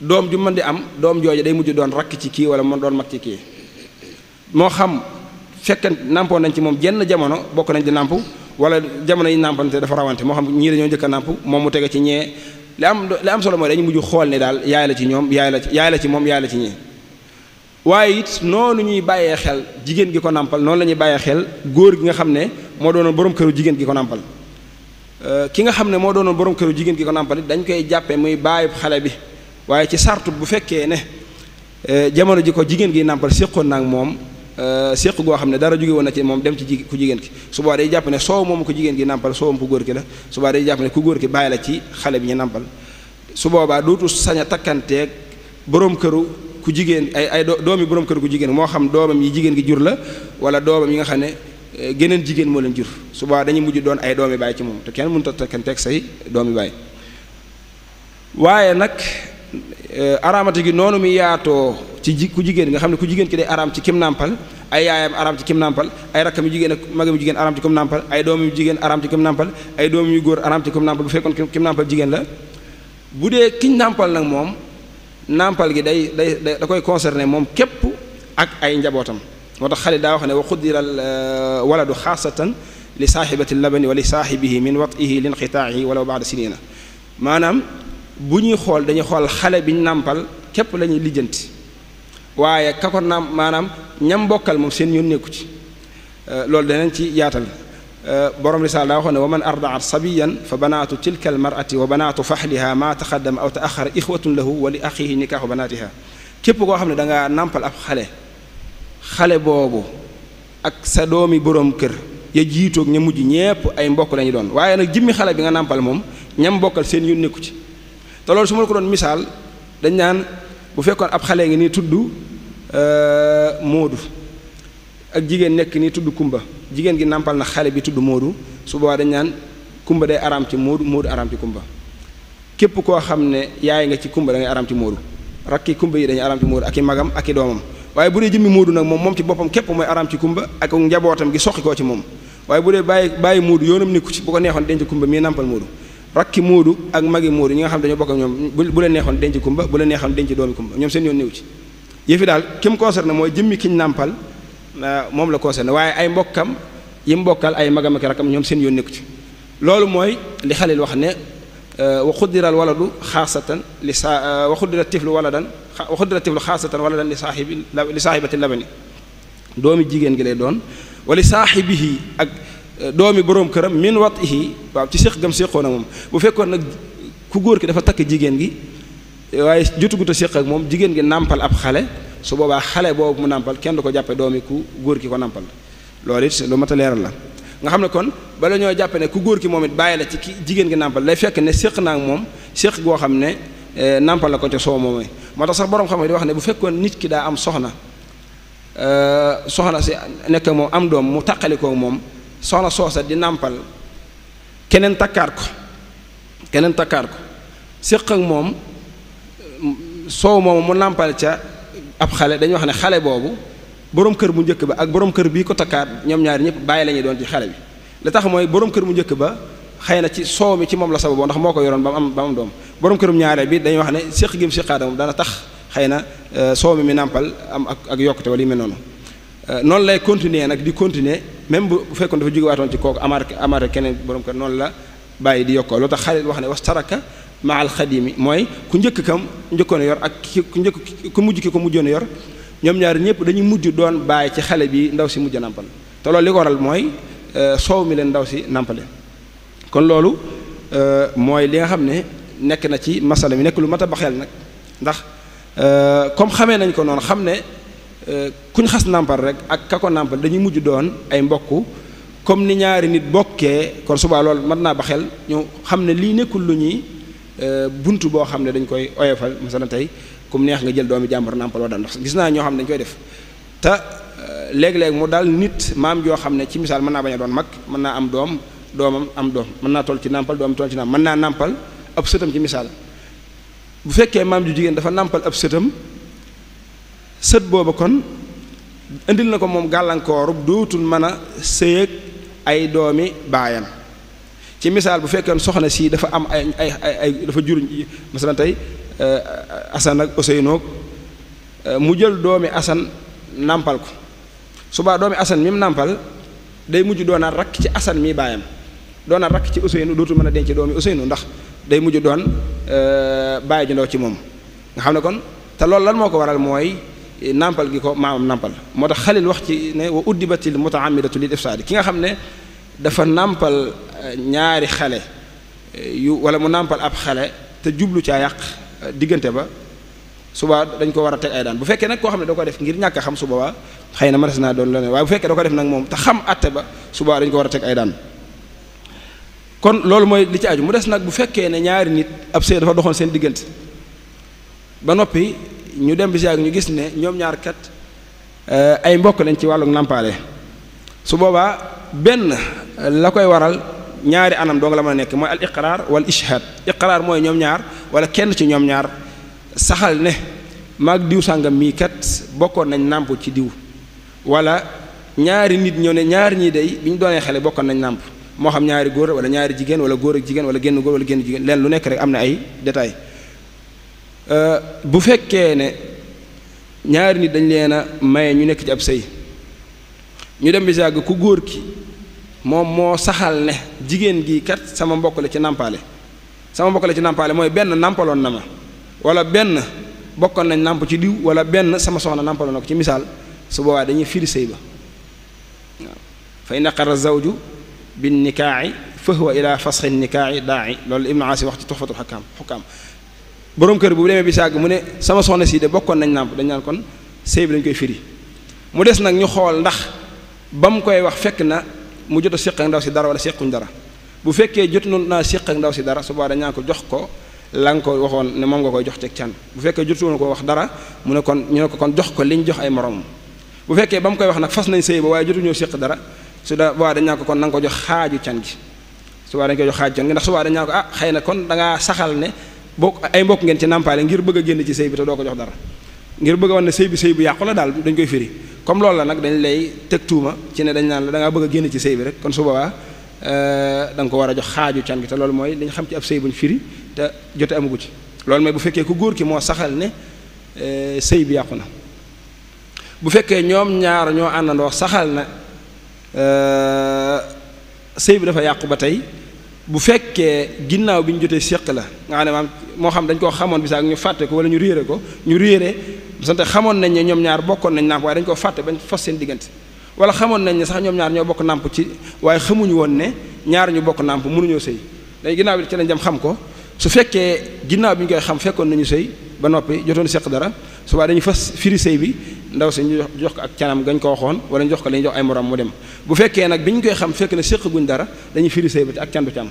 doom ju mën di am doom jooju day mujj doon rakk ci kii wala mën doon mag ci kii moo xam fekk nàmpoon nañ ci moom jenn jamono bokk nañ di nàmp wala jamono yi nàmpante dafa rawante moo xam ñii dañoo njëkk a nàmp moom mu tege ci ñee li am li am solo mooy dañu mujj xool ne daal yaay la ci ñoom yaay la ci yaay moom yaay la ci ñi waaye it noonu ñuy bàyyee xel jigéen gi ko nàmpal noonu la ñuy bàyyee xel góor gi nga xam ne moo doonoon borom këru jigéen gi ko nàmpal euh, ki nga xam ne moo doonoon borom këru jigéen gi ko nàmpal dañ koy jàppe muy bàyyi xale bi waaye ci sartu bu fekkee ne euh, jamono ji ko jigéen gi nàmpal séqoon na moom Euh, séq goo xam ne dara jóge woon na ci moom dem ci ji ku jigéen ki su boobaa jàpp ne soow moom ku jigéen gi nàmpal soowam ku góor ki la su boobaa day jàpp ne ku la ci xale bi ñu nàmpal su boobaa dootu sañ a takkanteeg boroom këru ku jigéen ay ay doomi boroom këru ku jigéen moo xam doomam yi jigéen gi jur la wala doomam yi nga xam ne eh, geneen jigéen moo leen jur su boobaa dañuy mujj doon ay doomi baay ci moom te kenn mënut a takkanteeg say doomi baay waaye nag Euh, araamati gi noonu mu yaatoo ci ji ku jigéen nga xam ne ku jigéen ki day araam ci kim nàmpal ay yaayam araam ci kim nàmpal ay rakkam jigéen ak magam yu jigéen araam ci kim nàmpal ay doom jigéen araam ci kim nàmpal ay doom yu góor araam ci kim nàmpal bu fekkoon kim nàmpal jigéen la bu dee kiñ nàmpal nag moom nàmpal gi day day da koy concerné moom képp ak ay njabootam moo tax xale daa wax ne wa xuddiral euh, waladu xaasatan li saaxibati labani wa li saaxibihi min watihi linqitaahi walaw baada sinina maanaam bu ñuy xool dañuy xool xale bi nàmpal képp lañuy ñuy lijjanti waaye ka ko naam maanaam ñam bokkal moom seen yoon nekku ci euh, loolu danañ ci yaatal euh, borom risaal daa waxoon ne wa man ardaat sabiyan fa banaatu tilka al marati wa banaatu faxliha maa taxaddama aw taaxara ixwatun lahu wa li axihi nikaaxu banaatiha képp koo xam ne dangaa nàmpal ab xale xale boobu ak sa doomi boroom kër ya jiitoog ña mujj ñépp ay mbokk lañu doon waaye nag jëmmi xale bi nga nàmpal moom ñam bokkal seen yoon nekku ci te loolu su ma la ko doon misaal dañ naan bu fekkoon ab xale ngi nii tudd euh, Moodu ak jigéen nekk nii tudd Kumba jigéen gi nàmpal na xale bi tudd Moodu su boobaa dañ naan Kumba day araam ci Moodu Moodu araam ci Kumba képp ne yaay nga ci Kumba da ngay araam ci Moodu rakki Kumba yi dañuy araam ci Moodu ak i magam ak i doomam waaye bu dee jëmmi Moodu nag moom moom ci boppam képp mooy araam ci Kumba ak njabootam gi soqi koo ci moom waaye bu dee bàyyi bàyyi Moodu yoonam nekku ci bu ko neexoon denc Kumba mii nàmpal Moodu rakki Moodu ak magi Moodu ñi nga xam dañoo bokk ñoom bu leen neexoon denc kumba bu leen neexoon denc doomi kumba ñoom seen yoon néew ci yëfi daal ki mu concerné mooy jëmmi kiñ nàmpal euh, moom la concerné waaye ay mbokkam yi mbokkal ay magam ak rakam ñoom seen yoon nekku ci loolu mooy li Xalil wax ne euh, wa xuddiral waladu xaasatan li saa euh, wa xuddira tiflu waladan wa xuddira tiflu xaasatan waladan li saaxibi li saaxibati labani doomi jigéen gi lay doon Euh, doomi boroom këram min wat ihi waaw ci séq gam séqoon ak moom bu fekkoon nag ku góor ki dafa takk jigéen gi waaye jotugut a séq ak moom jigéen gi nàmpal ab xale su boobaa xale boobu mu nàmpal kenn du ko jàppe doomi góor ki ko nàmpal loolu lu mat a la nga xam ne kon bala ñoo jàppe ne ku góor ki moom it bàyyi la ci ki jigéen gi nàmpal lay fekk ne séq naa moom séq goo xam ne euh, nàmpal ko ca soo moomee moo sax boroom xam di wax ne bu fekkoon nit ki daa am soxna euh, soxna si nekk moom am doom mu tàqalikoo moom soxna soosa di nàmpal keneen takkaat ko keneen takkaat ko séq ak moom soow moom mu nàmpal ca ab xale dañu wax ne xale boobu borom kër bu njëkk ba ak borom kër bii ko takkaat ñoom ñaar ñëpp bàyyi la doon ci xale bi li tax mooy borom kër mu njëkk ba xëy na ci soow mi ci moom la sababoo ndax moo ko yoroon ba mu am ba mu doom borom kërum ñaareel bi dañuy wax ne séq gi mu séqaat moom dana tax xëy na euh, soow mi mi nàmpal am ak ak yokkute wala yu mel noonu Euh, noonu lay continuer nag di continuer même bu fekkoon dafa jóge waatoon ci kooku amaat amaat keneen borom kër noonu la bàyyi di yokkoo loo tax Xaalid wax ne wastaraka ma al xadimi mooy ku njëkk kam njëkkoon yor ak ki ku njëkk ku mujj ki ko mujjoon yor ñoom ñaar ñëpp dañuy mujj doon bàyyi ci xale bi ndaw si mujj nàmpal te loolu li ko waral mooy euh, soow mi leen ndaw si nàmpale kon loolu euh, mooy li nga xam ne nekk na ci masala mi nekk lu mat a nag ndax comme xamee nañ ko noonu xam ne kuñ xas nàmpal rek ak ka ko nàmpal dañuy mujj doon ay mbokk comme ni ñaari nit bokkee kon subaa lool mën naa ba xel ñu xam ne lii nekkul lu ñuy euh, bunt boo xam ne dañ koy oyofal masalan tey comme neex nga jël doomi jàmbur nàmpal wala ndax gis naa ñoo xam ne dañ koy def te euh, léeg-léeg mu daal nit maam joo xam ne ci misaal mën naa bañ a doon mag mën naa am doom doomam am doom mën naa toll ci nàmpal doom toll ci nàmpal mën naa nàmpal ab sëtam ci misaal bu fekkee jigéen dafa nàmpal ab sëtam sët booba kon indil na ko moom gàllankooru dootul mën a sëyëg ay doomi baayam ci misaal bu fekkoon soxna sii dafa am ay ay ay dafa jur masalan tey eh, Assane ak Ousseynou eh, mu jël doomi Assane nàmpal ko subaa doomi Assane mi mu nàmpal day mujj doonaat rakk ci Assane mi baayam doonaat rakk ci Ousseynou dootul mën a denc doomi Ousseynou ndax day mujj doon eh, bàyyi ju ndaw ci moom nga xam ne kon te loolu lan moo ko waral mooy. nàmpal gi ko maamam nàmpal moo tax xalil wax ci ne wa uddibatil mutaamidatu lil ifsaadi ki nga xam ne dafa nàmpal euh, ñaari xale euh, yu wala mu nàmpal ab xale te jublu caa yàq euh, diggante ba suba dañ ko war a teg ay daan bu fekkee nag koo xam ne da ko def ngir ñàkk xam suba waa xëy na mares naa doon leneen waaye bu fekkee da moom te xam àtte ba suba dañ ko war a ay daan kon loolu mooy li ci aju mu des nag bu fekkee ne ñaari nit ab sëy dafa doxoon seen diggante ba noppi ñu dem bisi ak ñu gis ne ñoom ñaar kat eh, ay mbokk lañ ci wàlluk nàmpaale su boobaa benn eh, la koy waral ñaari anam dong la mën a nekk mooy al iqraar wal ishhad iqraar mooy ñoom ñaar wala kenn ci ñoom ñaar saxal ne maag diw sàngam mii kat bokkoon nañ nàmp ci diw wala ñaari nit ñoo ne ñaari ñi day bi ñu doonee xale bokkoon nañ nàmp moo xam ñaari góor wala ñaari jigéen wala góor ak jigéen wala génn góor wala génn jigéen leen lu nekk rek am na ay détails Euh, bu fekkee ne ñaari nit dañ leen a maye ñu nekk ci ab sëy ñu dem bi sàgg ku góor ki moom moo saxal ne jigéen gi kat sama mbokk la ci nàmpaale sama mbokk la ci nàmpaale mooy benn nàmpaloon na ma wala benn bokkoon nañ nàmp ci diw wala benn sama soxna nàmpaloon na ci misaal su boobaa dañuy firi sëy ba waaw fa in aqarra zawju bin nikaa'i fa huwa ilaa fasxi nikaa'i daa'i loolu ibnu aasi wax ci tuxfatul xukkaam xukkaam borom kër bu demee bi sàgg mu ne sama soxna sii de bokkoon nañ nàmp dañ naan kon sëy bi koy firi mu des nag ñu xool ndax ba mu koy wax fekk na mu jot a séq ak ndaw si dara wala séquñ dara bu fekkee jot naa séq ndaw si dara su boobaa ko jox ko la nga waxoon ne moom nga koy jox ceeg can bu fekkee jotoon ko wax dara mu ne kon ñu ne ko kon jox ko jox ay moromam bu fekkee ba mu koy wax nag fas nañ sëy ba waaye jotuñoo séq dara su da dañ naan ko kon na nga ko jox xaaju can gi su boobaa dañ koy jox xaaju can gi ndax su boobaa dañ naan ko ah xëy na kon dangaa saxal ne boo ay mbokk ngeen ci nàmpaale ngir bëgg a génn ci sëy bi te doo ko jox dara ngir bëgg a wan ne sëy bi sëy bu yàqu la daal dañ koy firi comme loolu la nag lay teg tuuma ci dañ naan la bëgg a ci sëy bi kon su boobaa euh, da nga ko war a jox xaaju can gi te loolu mooy li xam ci ab sëy buñ firi te jote amugu ci loolu mooy bu fekkee ku góor ki moo saxal ne euh, sëy bi yàqu na bu fekkee ñoom ñaar ñoo àndandoo saxal na euh, sëy bi dafa yàqu ba tey bu fekkee ginnaaw bi ñu jotee séq la nga xam ne maam moo xam dañ koo xamoon bi sax ñu fàtte ko wala ñu réere ko ñu réere sante xamoon nañ ne ñoom ñaar bokkoon nañ nàmp waaye dañ koo fàtte bañ fas seen diggante wala xamoon nañ ne sax ñoom ñaar ñoo bokk nàmp ci waaye xamuñu woon ne ñaar ñu bokk nàmp mënuñoo sëy dañ ginnaaw bi ci lañ dem xam ko su fekkee ginnaaw bi ñu koy xam fekkoon nañu sëy ba noppi jotoon seq dara subaa dañu fas firi sëy bi ndaw si ñu jox ko ak canam gañ ko waxoon wala ñu jox ko lañu jox ay morom mu dem bu fekkee nag bi ñu koy xam fekk na séq guñ dara dañuy firi sëy bi ak candu ci am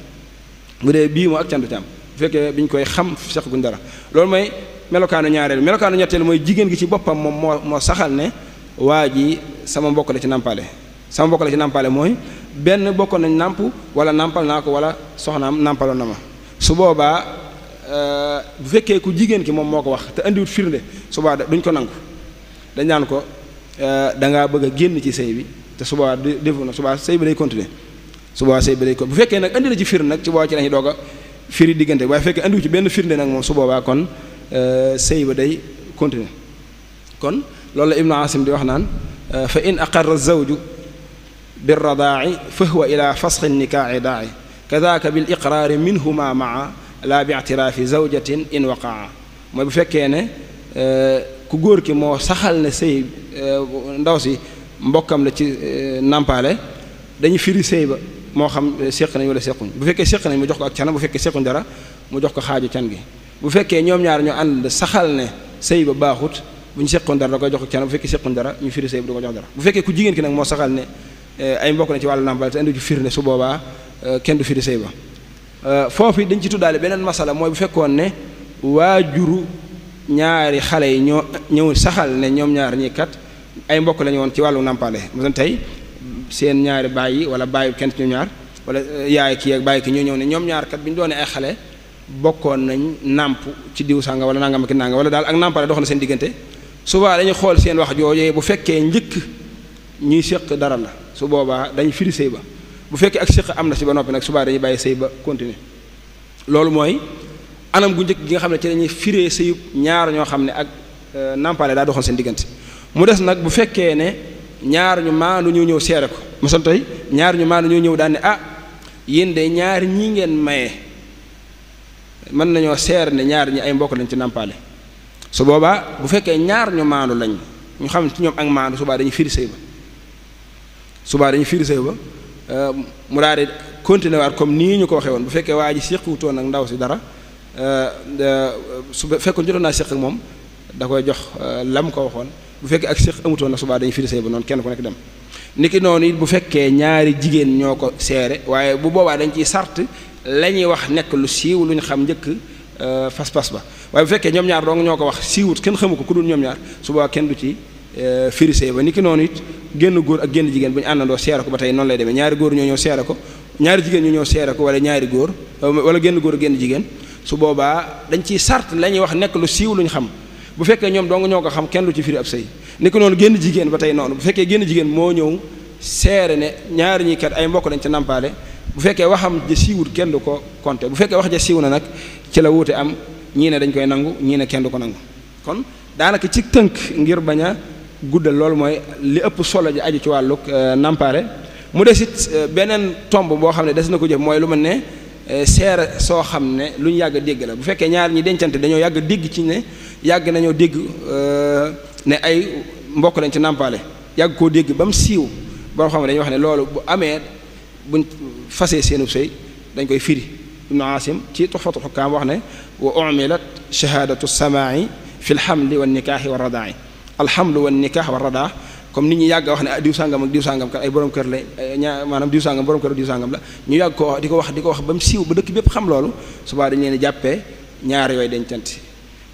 bu dee bii moo ak candu ci am bu fekkee bi ñu koy xam séq dara loolu mooy melokaanu ñaareel melokaanu ñetteel mooy jigéen gi ci boppam moom moo moo saxal ne waa ji sama mbokk la ci nàmpaale sama la ci nàmpaale mooy benn bokkoon nañ nàmp wala nàmpal naa ko wala soxnaam nàmpaloon na ma su boobaa euh, bu fekkee ku jigéen ki moom moo ko wax te indiwut firnde subaa boobaa duñ ko nangu dañ naan ko euh, da ngaa bëgg génn ci sëy bi te suba defu na suba sëy bi day continuer suba sëy bi day bu fekkee nag indi na ci firnde nag ci boobaa ci lañuy doog a firi diggante waaye fekkee indiwu ci benn firnde nag moom su boobaa kon euh, sëy ba day continuer kon loolu la ibnu asim di wax naan euh, fa in aqarra zawju birradaai fa huwa ila fasxi nikaaci i kadaaka bil iqraari minhuma maa laa bi ictiraafi zawjatin in waqaa mooy bu fekkee ne ku góor ki moo saxal ne sëy euh, ndaw si mbokkam la ci euh, nàmpaale dañu firi sëy ba moo xam euh, séq nañ wala séquñ bu fekkee séq nañ mu jox ko ak cana bu fekkee séquñ dara mu jox ko xaaju can gi bu fekkee ñoom ñaar ñu ànd saxal ne sëy ba baaxut bu ñu séqoon dara da koy jox ko cana bu fekkee séquñ dara ñu firi sëy ba du ko jox dara bu fekkee ku jigéen ki nag moo saxal ne ay mbokk na ci wàll nàmpaale te indi ci su boobaa kenn du firi sëy ba foofu dañ ci tuddaale beneen masala mooy bu fekkoon ne waajuru ñaari xale yi ñoo ñëw saxal ne ñoom ñaar ñii kat ay mbokk lañu woon ci wàllu nàmpaale ma tey seen ñaari baay yi wala baayu kenn ci ñoom ñaar wala yaay ki ak baay ki ñoo ñëw ne ñoom ñaar kat bi ñu doonee ay xale bokkoon nañ nàmp ci diw sànga wala nangam ki nanga wala daal ak nàmpaale dox na seen diggante suba dañu xool seen wax joojee bu fekkee njëkk ñuy séq dara la su boobaa dañu firi sëy ba bu fekkee ak séq am na si ba noppi nag suba dañuy bàyyi sëy ba continuer loolu mooy anam gu njëkk gi nga xam ne ci dañuy firee sëyub ñaar ñoo xam ne ak euh, nampale daa doxoon seen diggante mu des nag bu fekkee ne ñaar ñu maandu ñoo ñëw seere ko moson tey ñaar ñu maandu ñoo ñëw daane ne ah yéen de ñaar ñii ngeen maye mën nañoo seer ne ñaar ñi ay mbokk lañ ci nampale su boobaa bu fekkee ñaar ñu maandu lañ ñu xam ci ñoom ak maandu subaa dañuy firi sëy ba subaa dañuy firi sëy ba euh, mu daal di continuer waat comme nii ñu ko waxee bu fekkee waa ji séqutoon ak ndaw si dara Euh, euh, suba fekkoon jotoon naa seq ak moom da koy jox euh, lam ko waxoon bu fekkee ak seq amutoon na suba dañu firi ba noonu kenn ku nekk dem niki noonu it bu fekkee ñaari jigéen ñoo ko seere waaye bu boobaa dañ ciy sart la ñuy wax nekk lu siiw lu ñu xam njëkk fas-fas ba waaye bu fekkee ñoom ñaar dong ñoo ko wax siiwut kenn xamu ko ku dul ñoom ñaar subaa kenn du ci firi sëy ba niki noonu it génn góor ak génn jigéen bu ñu àndandoo seere ko ba tey noonu lay demee ñaari góor ñoo ñëw seere ko ñaari jigéen ñoo ñëw seere ko wala ñaari góor wala génn góor ak génn jigéen su boobaa dañ ciy sart la ñuy wax nekk lu siiw luñ xam bu fekkee ñoom dong ñoo ko xam kenn lu ci firi ab sëy ni ko noonu génn jigéen ba tey noonu bu fekkee génn jigéen moo ñëw seere ne ñaari ñi kat ay mbokk dañ ca nàmpaale bu fekkee waxam ja siiwut kenn du ko compter bu fekkee wax ja siiw na nag ci la wuute am ñii ne dañ koy nangu ñii ne kenn du ko nangu kon daanaka ci tënk ngir bañ a guddal loolu mooy li ëpp solo ji aju ci wàllug euh, nàmpaale mu des it euh, beneen tomb boo xam ne des na ko jëf mooy lu mel ne Euh, seere soo xam ne lu ñu yàgg dégg la bu fekkee ñaar ñi dencante dañoo yàgg dégg ci ne yàgg nañoo dégg euh, ne ay mbokk lañ ci nàmpaale yàgg koo dégg ba mu siiw boo xam ne dañuy wax ne loolu bu amee buñ fasee seenu sëy dañ koy firi ibnu asim ci tuxfatul xukkaam wax ne wa umilat shahaadatu samaai fi lxamli wa nikaaxi wa radaa alxamlu wa nikaax wa radaa comme nit ñi yàgg wax ne ah diw sàngam ak diw sàngam kat ay borom kër la ñu yàgg ko di ko wax di ko wax ba mu siiw ba dëkk bépp xam loolu subaa dañu leen jàppee ñaar yooyu dencante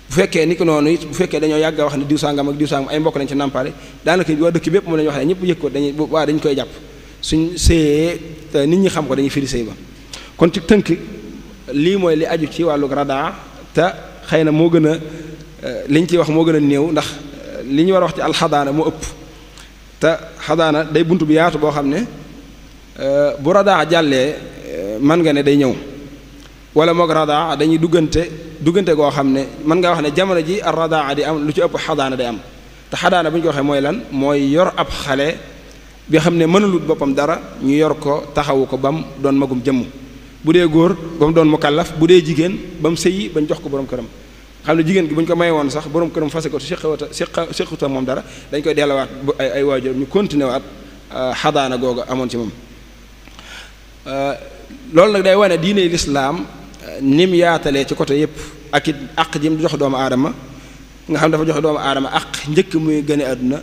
bu fekkee ni ko noonu it fekkee dañoo yàgg wax ne diw sàngam ak diw sàngam ay mbokk lañ ci nàmpaale daanaka waa dëkk bépp moom la ñu wax ne ñëpp yëg ko dañuy nit ñi xam ko dañuy firi séy ba kon ci tënk lii mooy li aju ci wàllu rada te xëy na moo gën a eh, liñ ciy wax moo gën a néew ndax eh, li ñu war a wax ci alxadaana moo ëpp te xadaana day bunt bi yaatu boo xam ne euh, bu radaa jàllee euh, man nga ne day ñëw wala moog radaa dañuy duggante duggante goo xam ne mën nga wax ne jamono ji ar radaa di am lu ci ëpp xadaana day am te xadaana bu ñu ko waxee mooy lan mooy yor ab xale bi xam ne mënalut boppam dara ñu yor ko taxawu ko ba mu doon magum jëmm bu dee góor ba mu doon mukallaf bu dee jigéen ba mu sëyi ba jox ko borom këram xam ne jigéen gi bu ñu ko maye woon sax borom këram fase ko siqawata siqa siquta moom dara dañ koy dellowaat ay ay waajur ñu continué waat euh, xadaana googu amoon ci moom euh, loolu nag day wane diine lislaam euh, nim yaatalee ci côté yëpp ak it àq ji mu jox doomu aadama nga xam ne dafa joxe doomu aadama àq njëkk muy gëne àdduna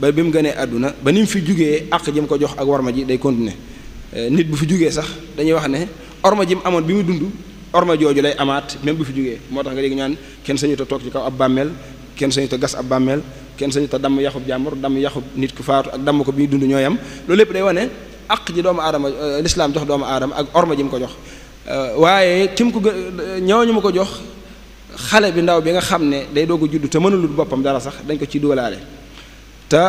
ba bi mu gënee àdduna ba ni mu fi jugee àq ji mu ko jox ak warma ji day continuer nit bu fi jugee sax dañuy wax ne orma ji mu amoon bi mu dund orma jooju lay amaat même bu fi jógee moo tax nga dégg ñaan kenn sañu ta toog ci kaw ab bàmmeel kenn sañu gas ab bàmmeel kenn sañu ta damm yaxub jàmbur damm yaxub nit ku faatu ak damm ko bii ñu dund ñooyam lépp day wane aq ji doomu aadama euh, lislaam jox doomu aadama ak orma ji mu ko jox euh, waaye ki mu ko ñooñu mu ko jox xale bi ndaw bi nga xam ne day doog a juddu te mënulul boppam dara sax dañ ko ciy duwalaale te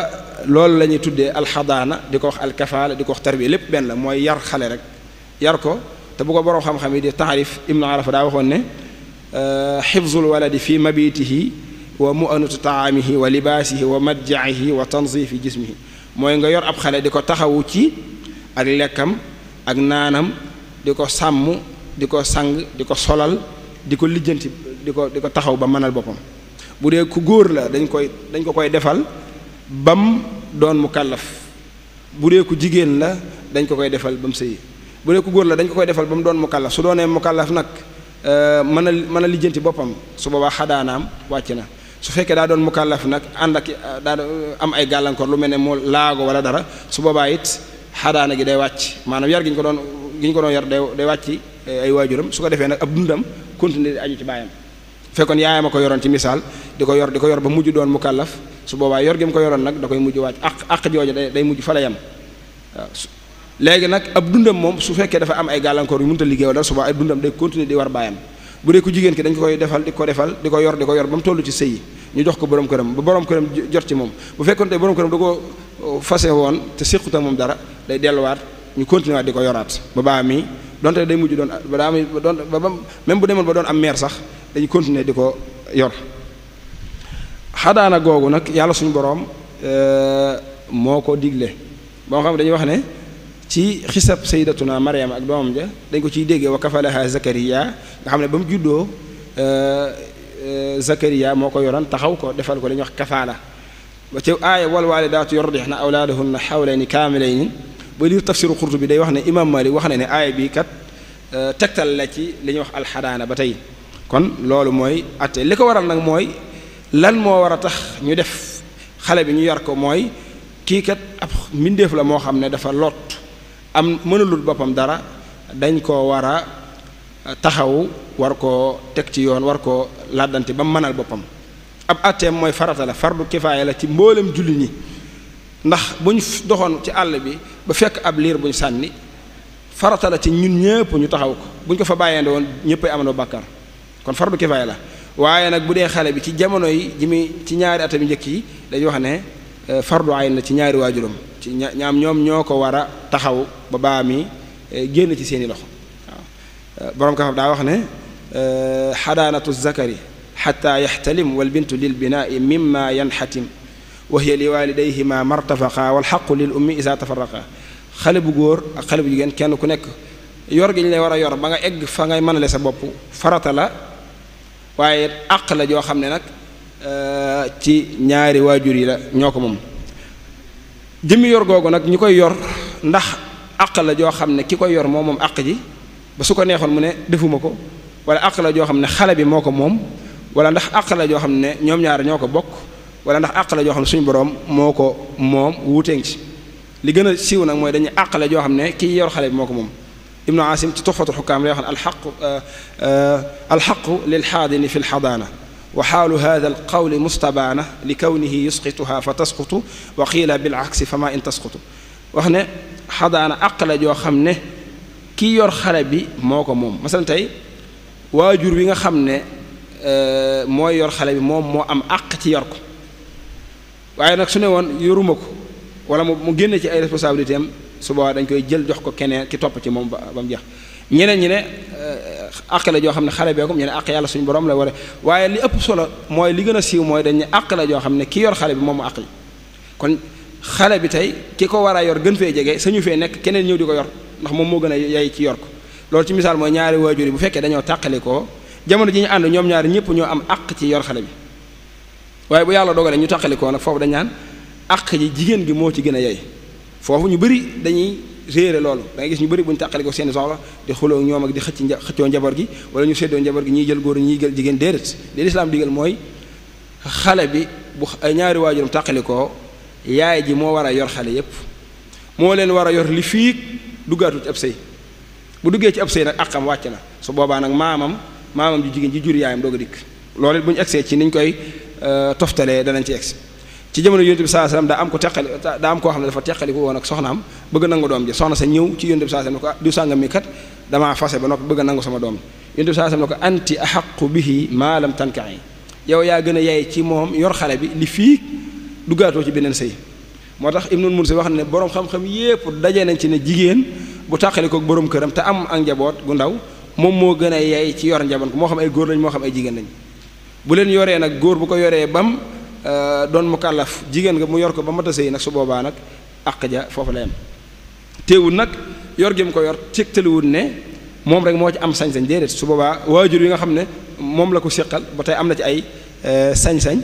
loolu la ñuy tuddee alxadaana di ko wax alkafaala di ko wax tarbiya lépp benn la mooy yar xale rek yar ko te bu ko borom xam-xam yi di taarif ibnu arafa daa waxoon ne xifzul euh, waladi fi yi wa mu'anatu taamihi wa libaasihi wa madjaihi wa tanzifi jismihi mooy nga yor ab xale di ko taxawu ci ak lekkam ak naanam di ko sàmm di ko sang di ko solal di ko lijjanti di ko di ko taxaw ba mënal boppam bu dee ku góor la dañ koy dañ ko koy defal bam doon mu kàllaf bu dee ku jigéen la dañ ko koy defal ba mu bu dee ko góor la dañ ko koy defal ba mu doon mukallaf su doonee mukallaf nag euh, mën a mën a lijjanti boppam su boobaa xadaanaam wàcc na su fekkee daa doon mukallaf nag ànd ak euh, daa euh, am ay gàllankoor lu mel ne moo laago wala dara su boobaa it xadaana gi day wàcc maanaam yar gi ko doon gi ko doon yar day day wàcc ay su ko defee nag ab dundam continuer di aju ci baayam fekkoon yaayam a ko yoroon ci misaal di ko yor di ko yor ba mujj doon mukallaf su boobaa yor gi ko yoroon nag da koy mujj wàcc àq àq jooju day day mujj fa yam léegi nag ab dundam moom su fekkee dafa am ay gàllankoor yu mënut a liggéey wala suba ay dundam day continuer di war baayam bu dee ku jigéen ki dañ ko koy defal di ko defal di ko yor di ko yor ba mu toll ci sëy ñu jox ko borom këram ba borom këram jot ci moom bu fekkoon te borom këram da ko oh, fase woon te séquta moom dara day delluwaat ñu continuer di ko yoraat ba baa mi donte day mujj doon ba daa mi doon ba même bu demoon ba am meer sax dañu continuer di ko yor xadaana googu nag yàlla suñu borom eh, moo ko digle ba nga xam dañuy wax ne ci xisab saydatuna mariam ak doomam ja dañ ko ciy déggee wa kafalaha zakariya nga xam ne ba mu juddoo euh, euh, zakariya moo ko yoroon taxaw ko defal ko li ñuy wax kafaala ba ca aaya wal waalidaatu yurdixna awlaadahunna xawlayni kaamilayni ba liir tafsiru bi day wax ne imam Malik wax na ne aaya bii kat euh, tegtal la ci li ñuy wax alxadaana ba tey kon loolu mooy atte li ko waral nag mooy lan moo war a tax ñu def xale bi ñu yar ko mooy kii kat ab mbindeef la moo xam ne dafa lot am mënalul boppam dara dañ ko war a taxaw war ko teg ci yoon war ko làddante ba mu mënal boppam ab atteem mooy farata la fardu kifaaya la ci mboolem julli ñi ndax bu ñu doxoon ci àll bi ba fekk ab liir buñ sànni farata la ci ñun ñëpp ñu taxaw ko bu ñu ko fa bàyyee woon ñëppay amandoo bàkkar kon fardu kifaaya la waaye nag bu dee xale bi ci jamono yi ji muy ci ñaari atam njëkk yi dañuy wax ne fardu ayn la ci ñaari waajuram ci ñaam ñoom ñoo ko war a taxaw ba baa mi eh, génn ci seeni loxo waaw eh, borom kafaf daa wax ne eh, xadaanatu zakari xata yaxtalim walbintu lil binaai mimma yanxatim wa hiya li walidayhima martafaqa walxaqu lil ummi isa tafaraqa xale bu góor ak xale bu jigéen kenn ku nekk yor gi ñu lay war a yor ba nga egg fa ngay mënale sa bopp farata la waaye àq la joo xam ne nag ci ñaari waajur yi la ñoo ko moom jëmmi yor googu nag ñi koy yor ndax àq la joo xam ne ki koy yor moom moom àq ji ba su ko neexoon mu ne defuma ko wala àq la joo xam ne xale bi moo ko moom wala ndax àq la joo xam ne ñoom ñaar ñoo ko bokk wala ndax àq la joo xam ne suñu boroom moo ko moom wuuteeg ci li gën a siiw nag mooy dañuy àq la joo xam ne kii yor xale bi moo ko moom ibnu asim ci tuxfatu xukaam lay wax ne alxaqu euh, euh, alxaqu lil xaadini fi lxadaana wa xaalu hada alqawli mustabaana li kawnihi yusqituha fa tasqutu wa qiila bil aksi fa ma in tasqutu wax ne xadaana àq joo xam ne ki yor xale bi moo ko moom masalan tey waajur wi nga xam ne euh, mooy yor xale bi moom moo am àq ci yor waaye nag su ne woon yoruma ko wala mu génne ci ay responsabilité am su boobaa dañ koy jël jox ko keneen ki topp ci moom ba ba mu jeex ñeneen ñi ne euh, àq la joo xam ne xale beekum ñu ne àq yàlla suñu borom la war waaye li ëpp solo mooy li gën a siiw mooy dañu àq la joo xam ne ki yor xale bi moom mu àq yi bi tey ki ko war a yor gën fee jege sañu fee nekk keneen ñëw di ko yor ndax moom moo gën a yay ci yor ko loolu ci mooy ñaari waajur yi bu fekkee dañoo tàqali ko jamono ji ñu ànd ñoom ñaari ñëpp ñoo am àq ci yor xale bi waaye bu yàlla dogalee ñu tàqali ko nag foofu dañ naan àq ji jigéen gi moo ci gën a yey foofu ñu bëri dañuy réere loolu da ngay gis ñu bëri bu ñu tàqalikoo seeni soxla di xuloo ñoom ak di xëcc xëccoo njaboot gi wala ñu séddoo njaboot gi ñiy jël góor ñiy jël jigéen déedéet li lislaam digal mooy xale bi bu ay ñaari waajuram tàqalikoo yaay ji moo war a yor xale yépp moo leen war a yor li fii duggaatul ci ab sëy bu duggee ci ab sëy nag àqam wàcc na su boobaa nag maamam maamam ju jigéen ji jur yaayam doog a dikk loolu bu ñu egsee ci niñ koy euh, toftalee danañ ci ci jamono yonent bi sallallahu daa am ko teqali daa am koo xam ne dafa teqaliku woon ak soxnaam bëgg nangu doom ji soxna sa ñëw ci yonent bi sallallahu alayhi ko diw sàngam mi kat damaa fase ba noppi bëgg nangu sama doom ji yonent bi sallallahu alayhi wasallam ne ko anti ahaqu bihi maa lam tankahi yow yaa gën a yaay ci moom yor xale bi li fii duggaatoo ci beneen sëy moo tax Ibnul Munzir wax na ne boroom xam-xam yépp dajee nañ ci ne jigéen bu tàqalikoo ak boroom këram te am ak njaboot ndaw moom moo gën a yay ci yor njaboot moo xam ay góor lañ moo xam ay jigéen lañ bu leen yoree nag góor bu ko yoree bam Euh, doon mu kàllaf jigéen nga mu yor ko ba mata sëy nag su boobaa nag àq ja foofu la yem nag yor gi mu ko yor tegtaliwul ne moom rek moo ci am sañ-sañ déedéet su boobaa waajur yi nga xam ne moom la ko séqal boo tey am na ci ay euh, sañ-sañ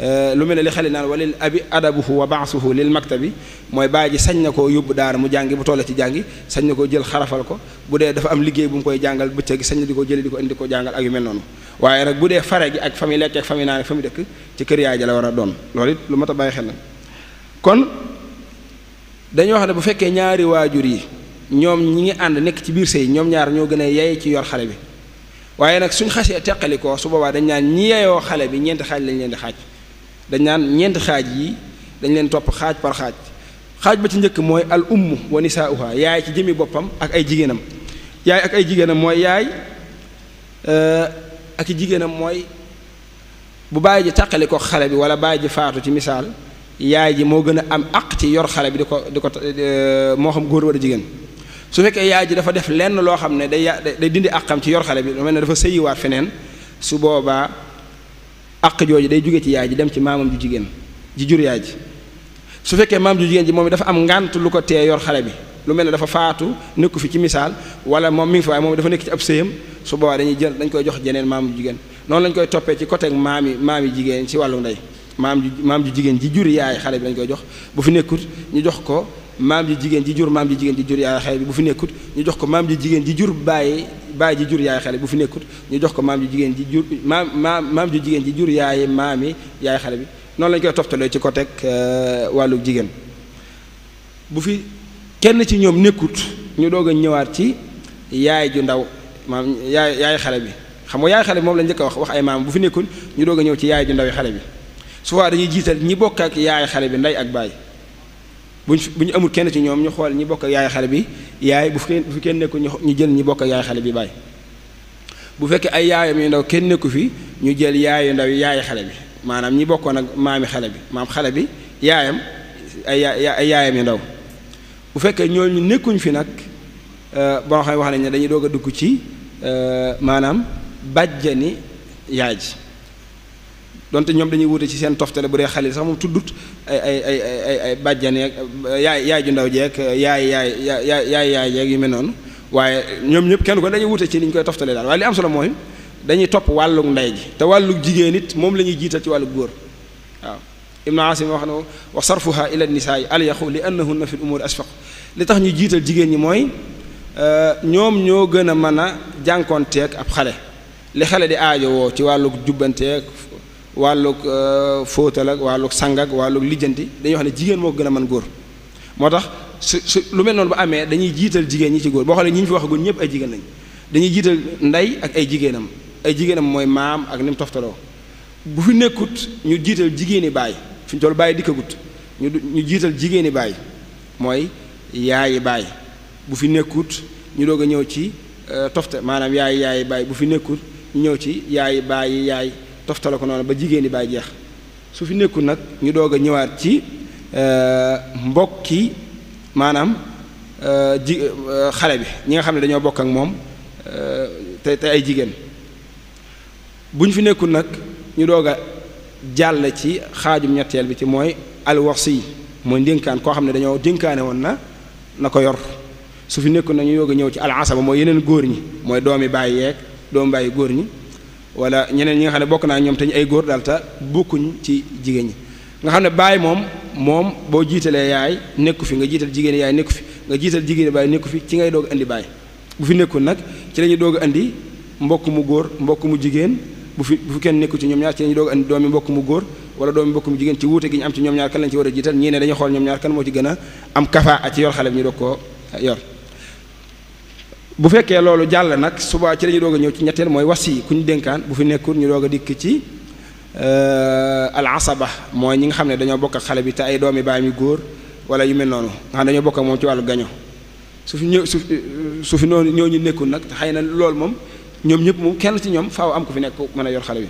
euh, lu mel ne li xale naan walil abi adabuhu wa baasuhu lil bi mooy bàyyi ji sañ na ko yóbbu daara mu jàngi bu tolle ci jàngi sañ na ko jël xarafal ko bu dee dafa am liggéey bu mu koy jàngal bëccëg sañ di ko jëli ko indi ko jàngal ak yu mel noonu waaye nag bu dee faree gi ak fa muy lekkee ak fa muy naan ak fa dëkk ci kër yaay ja war a doon loolu it lu mat a bàyyi xel la kon dañoo wax ne bu fekkee ñaari waajur yi ñoom ñi ngi ànd nekk ci biir sëy ñoom ñaar ñoo gën a yey ci yor xale bi waaye nag suñ xasee teqalikoo su boobaa dañ naan ñi xale bi ñeenti xaaj lañ leen di xaaj dañ naan ñeenti xaaj yi dañ leen topp xaaj par xaaj xaaj ba ci njëkk mooy al ummu wa nisaauha yaay ci jëmi boppam ak ay jigéenam yaay ak ay jigéenam mooy yaay euh, ak i jigéenam mooy bu bàyyi ji tàqali ko xale bi wala bàyyi ji faatu ci misaal yaay ji moo gën a am àq ci yor xale bi di ko di ko eh, moo xam góor wala jigéen su fekkee yaay ji dafa def lenn loo xam ne day day dindi àqam ci yor xale bi lu mel ne dafa sëyiwaat feneen su boobaa àq jooju day jóge ci yaay ji dem ci maamam ju jigéen ji jur yaay ji su fekkee maam ju jigéen ji moom dafa am ngànt lu ko tee yor xale bi lu mel ne dafa faatu nekku fi ci misaal wala moom mi ngi fi waaye moom dafa nekk ci ab sëyam su boobaa dañuy jël dañ koy jox jeneen maamu jigéen noonu lañ koy toppee ci côté maam yi maam yi jigéen ci wàllu ndey maam ji maam jigéen ji jur yaay xale bi dañ koy jox bu fi nekkut ñu jox ko maam ji jigéen ji jur maam ji jigéen ji jur yaay xale bi bu fi nekkut ñu jox ko maam ji jigéen ji jur bàyyi bàyyi ji jur yaay xale bu fi nekkut ñu jox ko maam ji jigéen ji jur maam maam maam ji jigéen ji jur yaay maami yaay xale bi noonu lañ koy toftaloo ci ko euh, wàllu jigéen kenn ci ñoom nekkut ñu doog a ñëwaat ci yaay ju ndaw maam yaay yaay xale bi xam nga yaay xale bi moom la njëkk a wax wax ay maam bu fi nekkul ñu doog a ñëw ci yaay ju ndaw xale bi souvent dañuy jiital ñi bokk ak yaay xale bi ndey ak baay buñ bu ñu amul kenn ci ñoom ñu xool ñi bokk ak yaay xale bi yaay bu fi bu fi kenn ñu jël ñi bokk ak bi baay bu fekkee ay yaayam yu ndaw kenn nekku fi ñu jël yaayu ndaw yi yaay xale bi maanaam ñi bokkoon ak maami xale bi maam xale bi yaayam ay ay yaayam yu ndaw bu fekkee ñooñu nekkuñ fi nag euh, boo xam wax nañ ne dañuy doog a dugg ci euh, maanaam bàjjani yaay ji donte ñoom dañuy wute ci seen toftale bu dee xalil sax moom tuddut ay ay ay ay ay bàjjani ak euh, yaay yaay ju ndaw jeeg yaay yaay yaay yaay yaay jeeg yu mel noonu waaye ñoom ñëpp kenn ko dañuy wute ci ni ñu koy toftale daal waaye li am solo mooy dañuy topp wàllug ndey ji te wàllug jigéen it moom la ñuy jiital ci wàllug góor waaw ibnu asim wax na wa sarfuha ila nisaa yi al yaqu li annahunna fi l umur asfaq li tax ñu jiital jigéen ñi mooy euh, ñoom ñoo gën a mën a jànkoonteeg ab xale li xale di aajowoo ci wàllug jubbanteeg wàllug euh, fóotal ak wàllug sang ak lijjanti dañuy wax ne jigéen moo gën a mën góor moo tax su su lu mel noonu bu amee dañuy jiital jigéen ñi ci góor boo xam ne ñi ñu fi waxagul ñëpp ay jigéen lañ dañuy jiital ndey ak ay jigéenam ay jigéenam mooy maam ak ni mu bu fi nekkut ñu jiital jigéeni baay fi ñu toll bàyyi dikkagut ñu ñu jiital jigéeni baay mooy. yaayi baay bu fi nekkut ñu doog a ñëw ci euh, tofte maanaam yaay yaayi baay bu fi nekkut ñu ñëw ci yaayi baay yaay toftale ko noonu ba jigéeni baay jeex su fi nekkut nag ñu doog a ñëwaat ci euh, mbokki maanaam euh, ji xale bi ñi nga xam ne dañoo bokk ak moom te te ay jigéen bu ñu fi nekkul nag ñu doog a jàll ci xaajum ñetteel bi ci mooy alwasi mooy njënkaan koo xam ne dañoo dénkaane woon na na ko yor su fi nekku nañu yog a ñëw ci alasaba mooy yeneen góor ñi mooy doomi bàyyi yeeg doomi bàyyi góor ñi wala ñeneen ñi nga xam ne bokk naa ñoom te ñu ay góor daal te bokkuñ ci jigéen ñi nga xam ne baay moom moom boo jiitalee yaay nekku fi nga jiital jigéen yaay nekku fi nga jiital jigéen baay nekku fi ci ngay doog indi baay bu fi nekkul nag ci la ñuy doog indi mbokk mu góor mbokk mu jigéen bu fi bu fi kenn nekku ci ñoom ñaar ci lañu doog andi doomi mbokk mu góor wala doomi mbokk mu jigéen ci wuute gi ñu am ci ñoom ñaar kan lañ a jiital ñii ne dañu a am kafa a ci yor xale ñu doog koo yor bu fekkee loolu jàll nag suba ci la ñu a ñëw ci ñetteel mooy wasi ku ñu dénkaan bu fi nekkul ñu doog a dikk ci euh, al mooy ñi nga xam ne dañoo bokk ak xale bi te ay doomi baayam yu góor wala yu mel noonu nga xam dañoo bokk ak moom ci wàllu gaño su fi ñëw su noonu ñoo ñu nekkul nag xëy na lool moom ñoom ñëpp moom kenn ci ñoom faaw am ko fi nekk mën a yor xale bi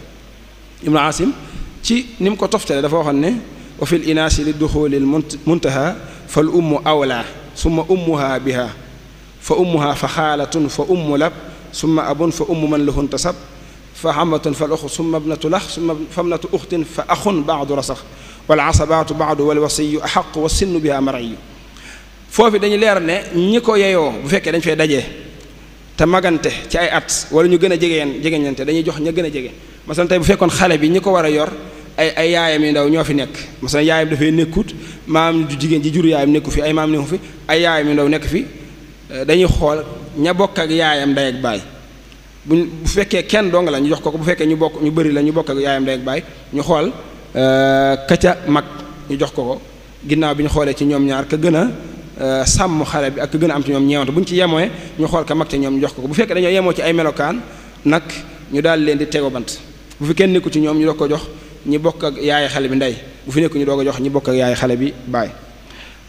ibnu asim ci ni mu ko toftale dafa waxoon ne wa fil inaasi li duxulil muntaha fal ummu awla summa ummuha biha fa ummuha fa xaalatun fa ummu lab summa abun fa ummu man lahun tasab fa xamatun fa loxu summa bnatu lax summa famnatu uxtin fa axun baadu rasax wal asabaatu baadu wal wasiyu axaqu wa sinnu biha mariyu foofu dañu leer ne ñi ko yeyoo bu fekkee dañ fay dajee te magante ci ay at wala ñu gën a jegeen jegeñante dañuy jox ña gën a jege masalan tey bu fekkoon xale bi ñi ko war a yor ay yaayam yu ndaw ñoo fi nekk masalan yaayam dafay nekkut maam ju jigéen ji jur yaayam nekku fi ay maam nekku fi ay yaayam yu ndaw nekk fi eh, dañuy xool ña bokk ak yaayam day ak baay bu bu fekkee kenn dong la ñu jox ko ko bu fekkee ñu bokk ñu bari la ñu bokk ak yaayam day ak baay ñu xool eh, ka mag ñu jox ko ko ginnaaw bi ñu xoolee ci ñoom ñaar ka gën a Euh, sàmm xale bi ak gën a am ci ñoom ñeewante bu ñu ci yemoo ñu xool ka mag te ñoom jox ko bu fekkee dañoo yemoo ci ay melokaan nag ñu daal leen di tego bant bu fi kenn nekku ci ñoom ñu doog ko jox ñi bokk ak yaay xale bi ndey bu fi nekku ñu doog a jox ñi bokk ak yaay xale bi baay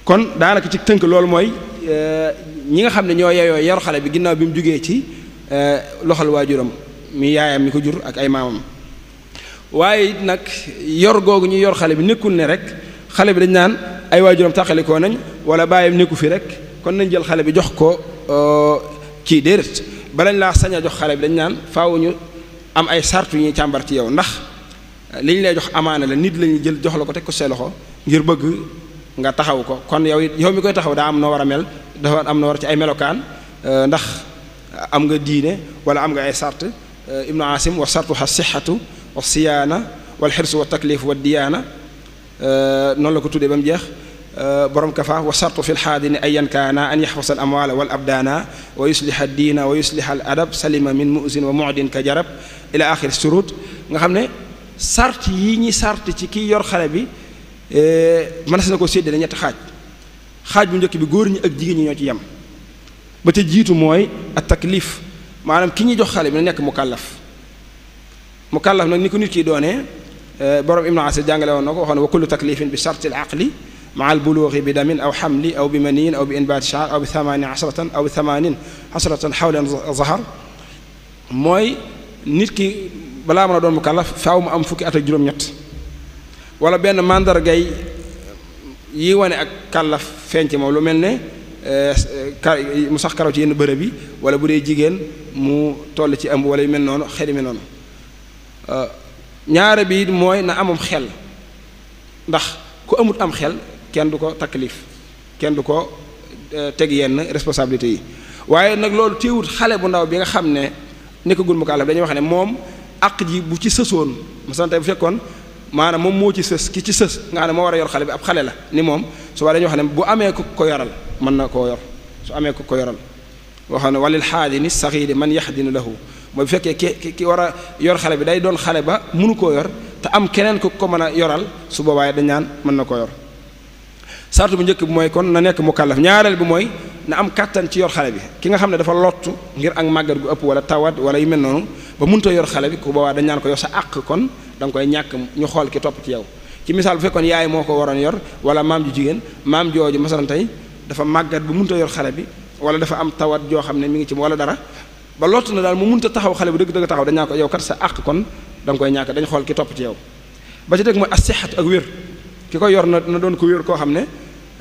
kon daanaka ci tënk loolu mooy euh, ñi nga xam ne ñoo yeyoo yor xale bi ginnaaw bi mu jugee ci euh, loxol waajuram mi yaayam mi ko jur ak ay maamam waaye nag yor googu ñu yor xale bi nekkul ne rek xale bi dañ naan ay waajuram tàqalikoo nañ wala bàyyam nekku fi rek kon nañ jël xale bi jox ko euh, kii déedéet balañ laa sañ a jox xale bi dañ naan faw ñu am ay sart yu ñuy càmbar ci yow ndax euh, liñ lay jox amaana la nit lañuy jël jox la ko teg ko see loxo ngir bëgg nga taxaw ko kon yow yow mi koy taxaw daa am noo war a mel dafa am noo war ci ay melokaan euh, ndax am nga diine wala am nga ay sart ibnu asim wa sartuha sixatu wa siyaana wal xirsu wa taklif wa diyaana noonu la ko tuddee ba mu jeex borom kafa wa sartu fi lxaadini ayan kaana an yaxfasa al amwaala wal abdaana wa yusliha diina wa yusliha al salima min musin wa mu'din ka jarab ila axiri surut nga xam ne sart yi ñi sart ci kii yor xale bi mënees na ko séddale ñetti xaaj xaaj bu njëkk bi góor ñi ak jigéen ñi ñoo ci yem ba te jiitu mooy at taklif maanaam ki ñuy jox xale bi na nekk mukallaf mukallaf nag ni ko nit ki doonee borom Ibnu Asiir jàngale woon na ko waxoon wa kullu taklifin maa albuluuxi bi damin aw xamli aw bi maniin aw bi inbaati shaar aw bi thamaanin asratan aw bi thamaanin asratan xawlan zahar mooy nit ki balaa mën a doon mu kàllaf faaw mu am fukki at ak juróom-ñett wala benn màndargay yi wane ak kàllaf feeñ ci moom lu mel ne eh, mu sax karaw ci yenn bërëb yi wala bu dee jigéen mu toll ci ëmb wala yu mel noonu xel mi noonu eh, ñaare bi mooy na amum xel ndax ku amut am xel kenn du ko taklif kenn du ko euh, teg yenn responsabilité yi waaye nag loolu téewut xale bu ndaw bi nga xam ne nekkagul mukallaf dañuy wax ne moom àq ji bu ci sësoon masante bu fekkoon maanaam moom moo ci sës ki ci sës nga ne moo war a yor xale bi ab xale la ni moom su waa dañuy wax ne bu amee ku ko yoral mën na koo yor su amee ko ko yoral boo xam ne ni xaadini saxiidi man yaxdinu lahu mooy bu fekkee ki ki war a yor xale bi day doon xale ba munu koo yor te am keneen ku ko mën a yoral su boobaa dañ naan mën na koo yor sartu bu njëkk bi mooy kon na nekk mukallaf ñaareel bi mooy na am kàttan ci yor xale bi ki nga xam ne dafa lottu ngir ak màggat gu ëpp wala tawat wala yu mel noonu ba munta yor xale bi ku boobaa dañ naan ko yor sa àq kon da nga koy ñàkk ñu xool ki topp ci yow ci misaal bu fekkoon yaay moo ko waroon yor wala maam ju jigéen maam jooju tey dafa màggat bu munta yor xale bi wala dafa am tawaat joo xam ne mu ngi ci wala dara ba lottu na daal mu munta taxaw xale bi dëgg dëgg taxaw dañ ko yow kat sa àq kon da nga koy ñàkk dañ xool ki topp ci yow ba ci dëgg mooy as sixat ak wér ki ko yor na na doon ko wér koo xam ne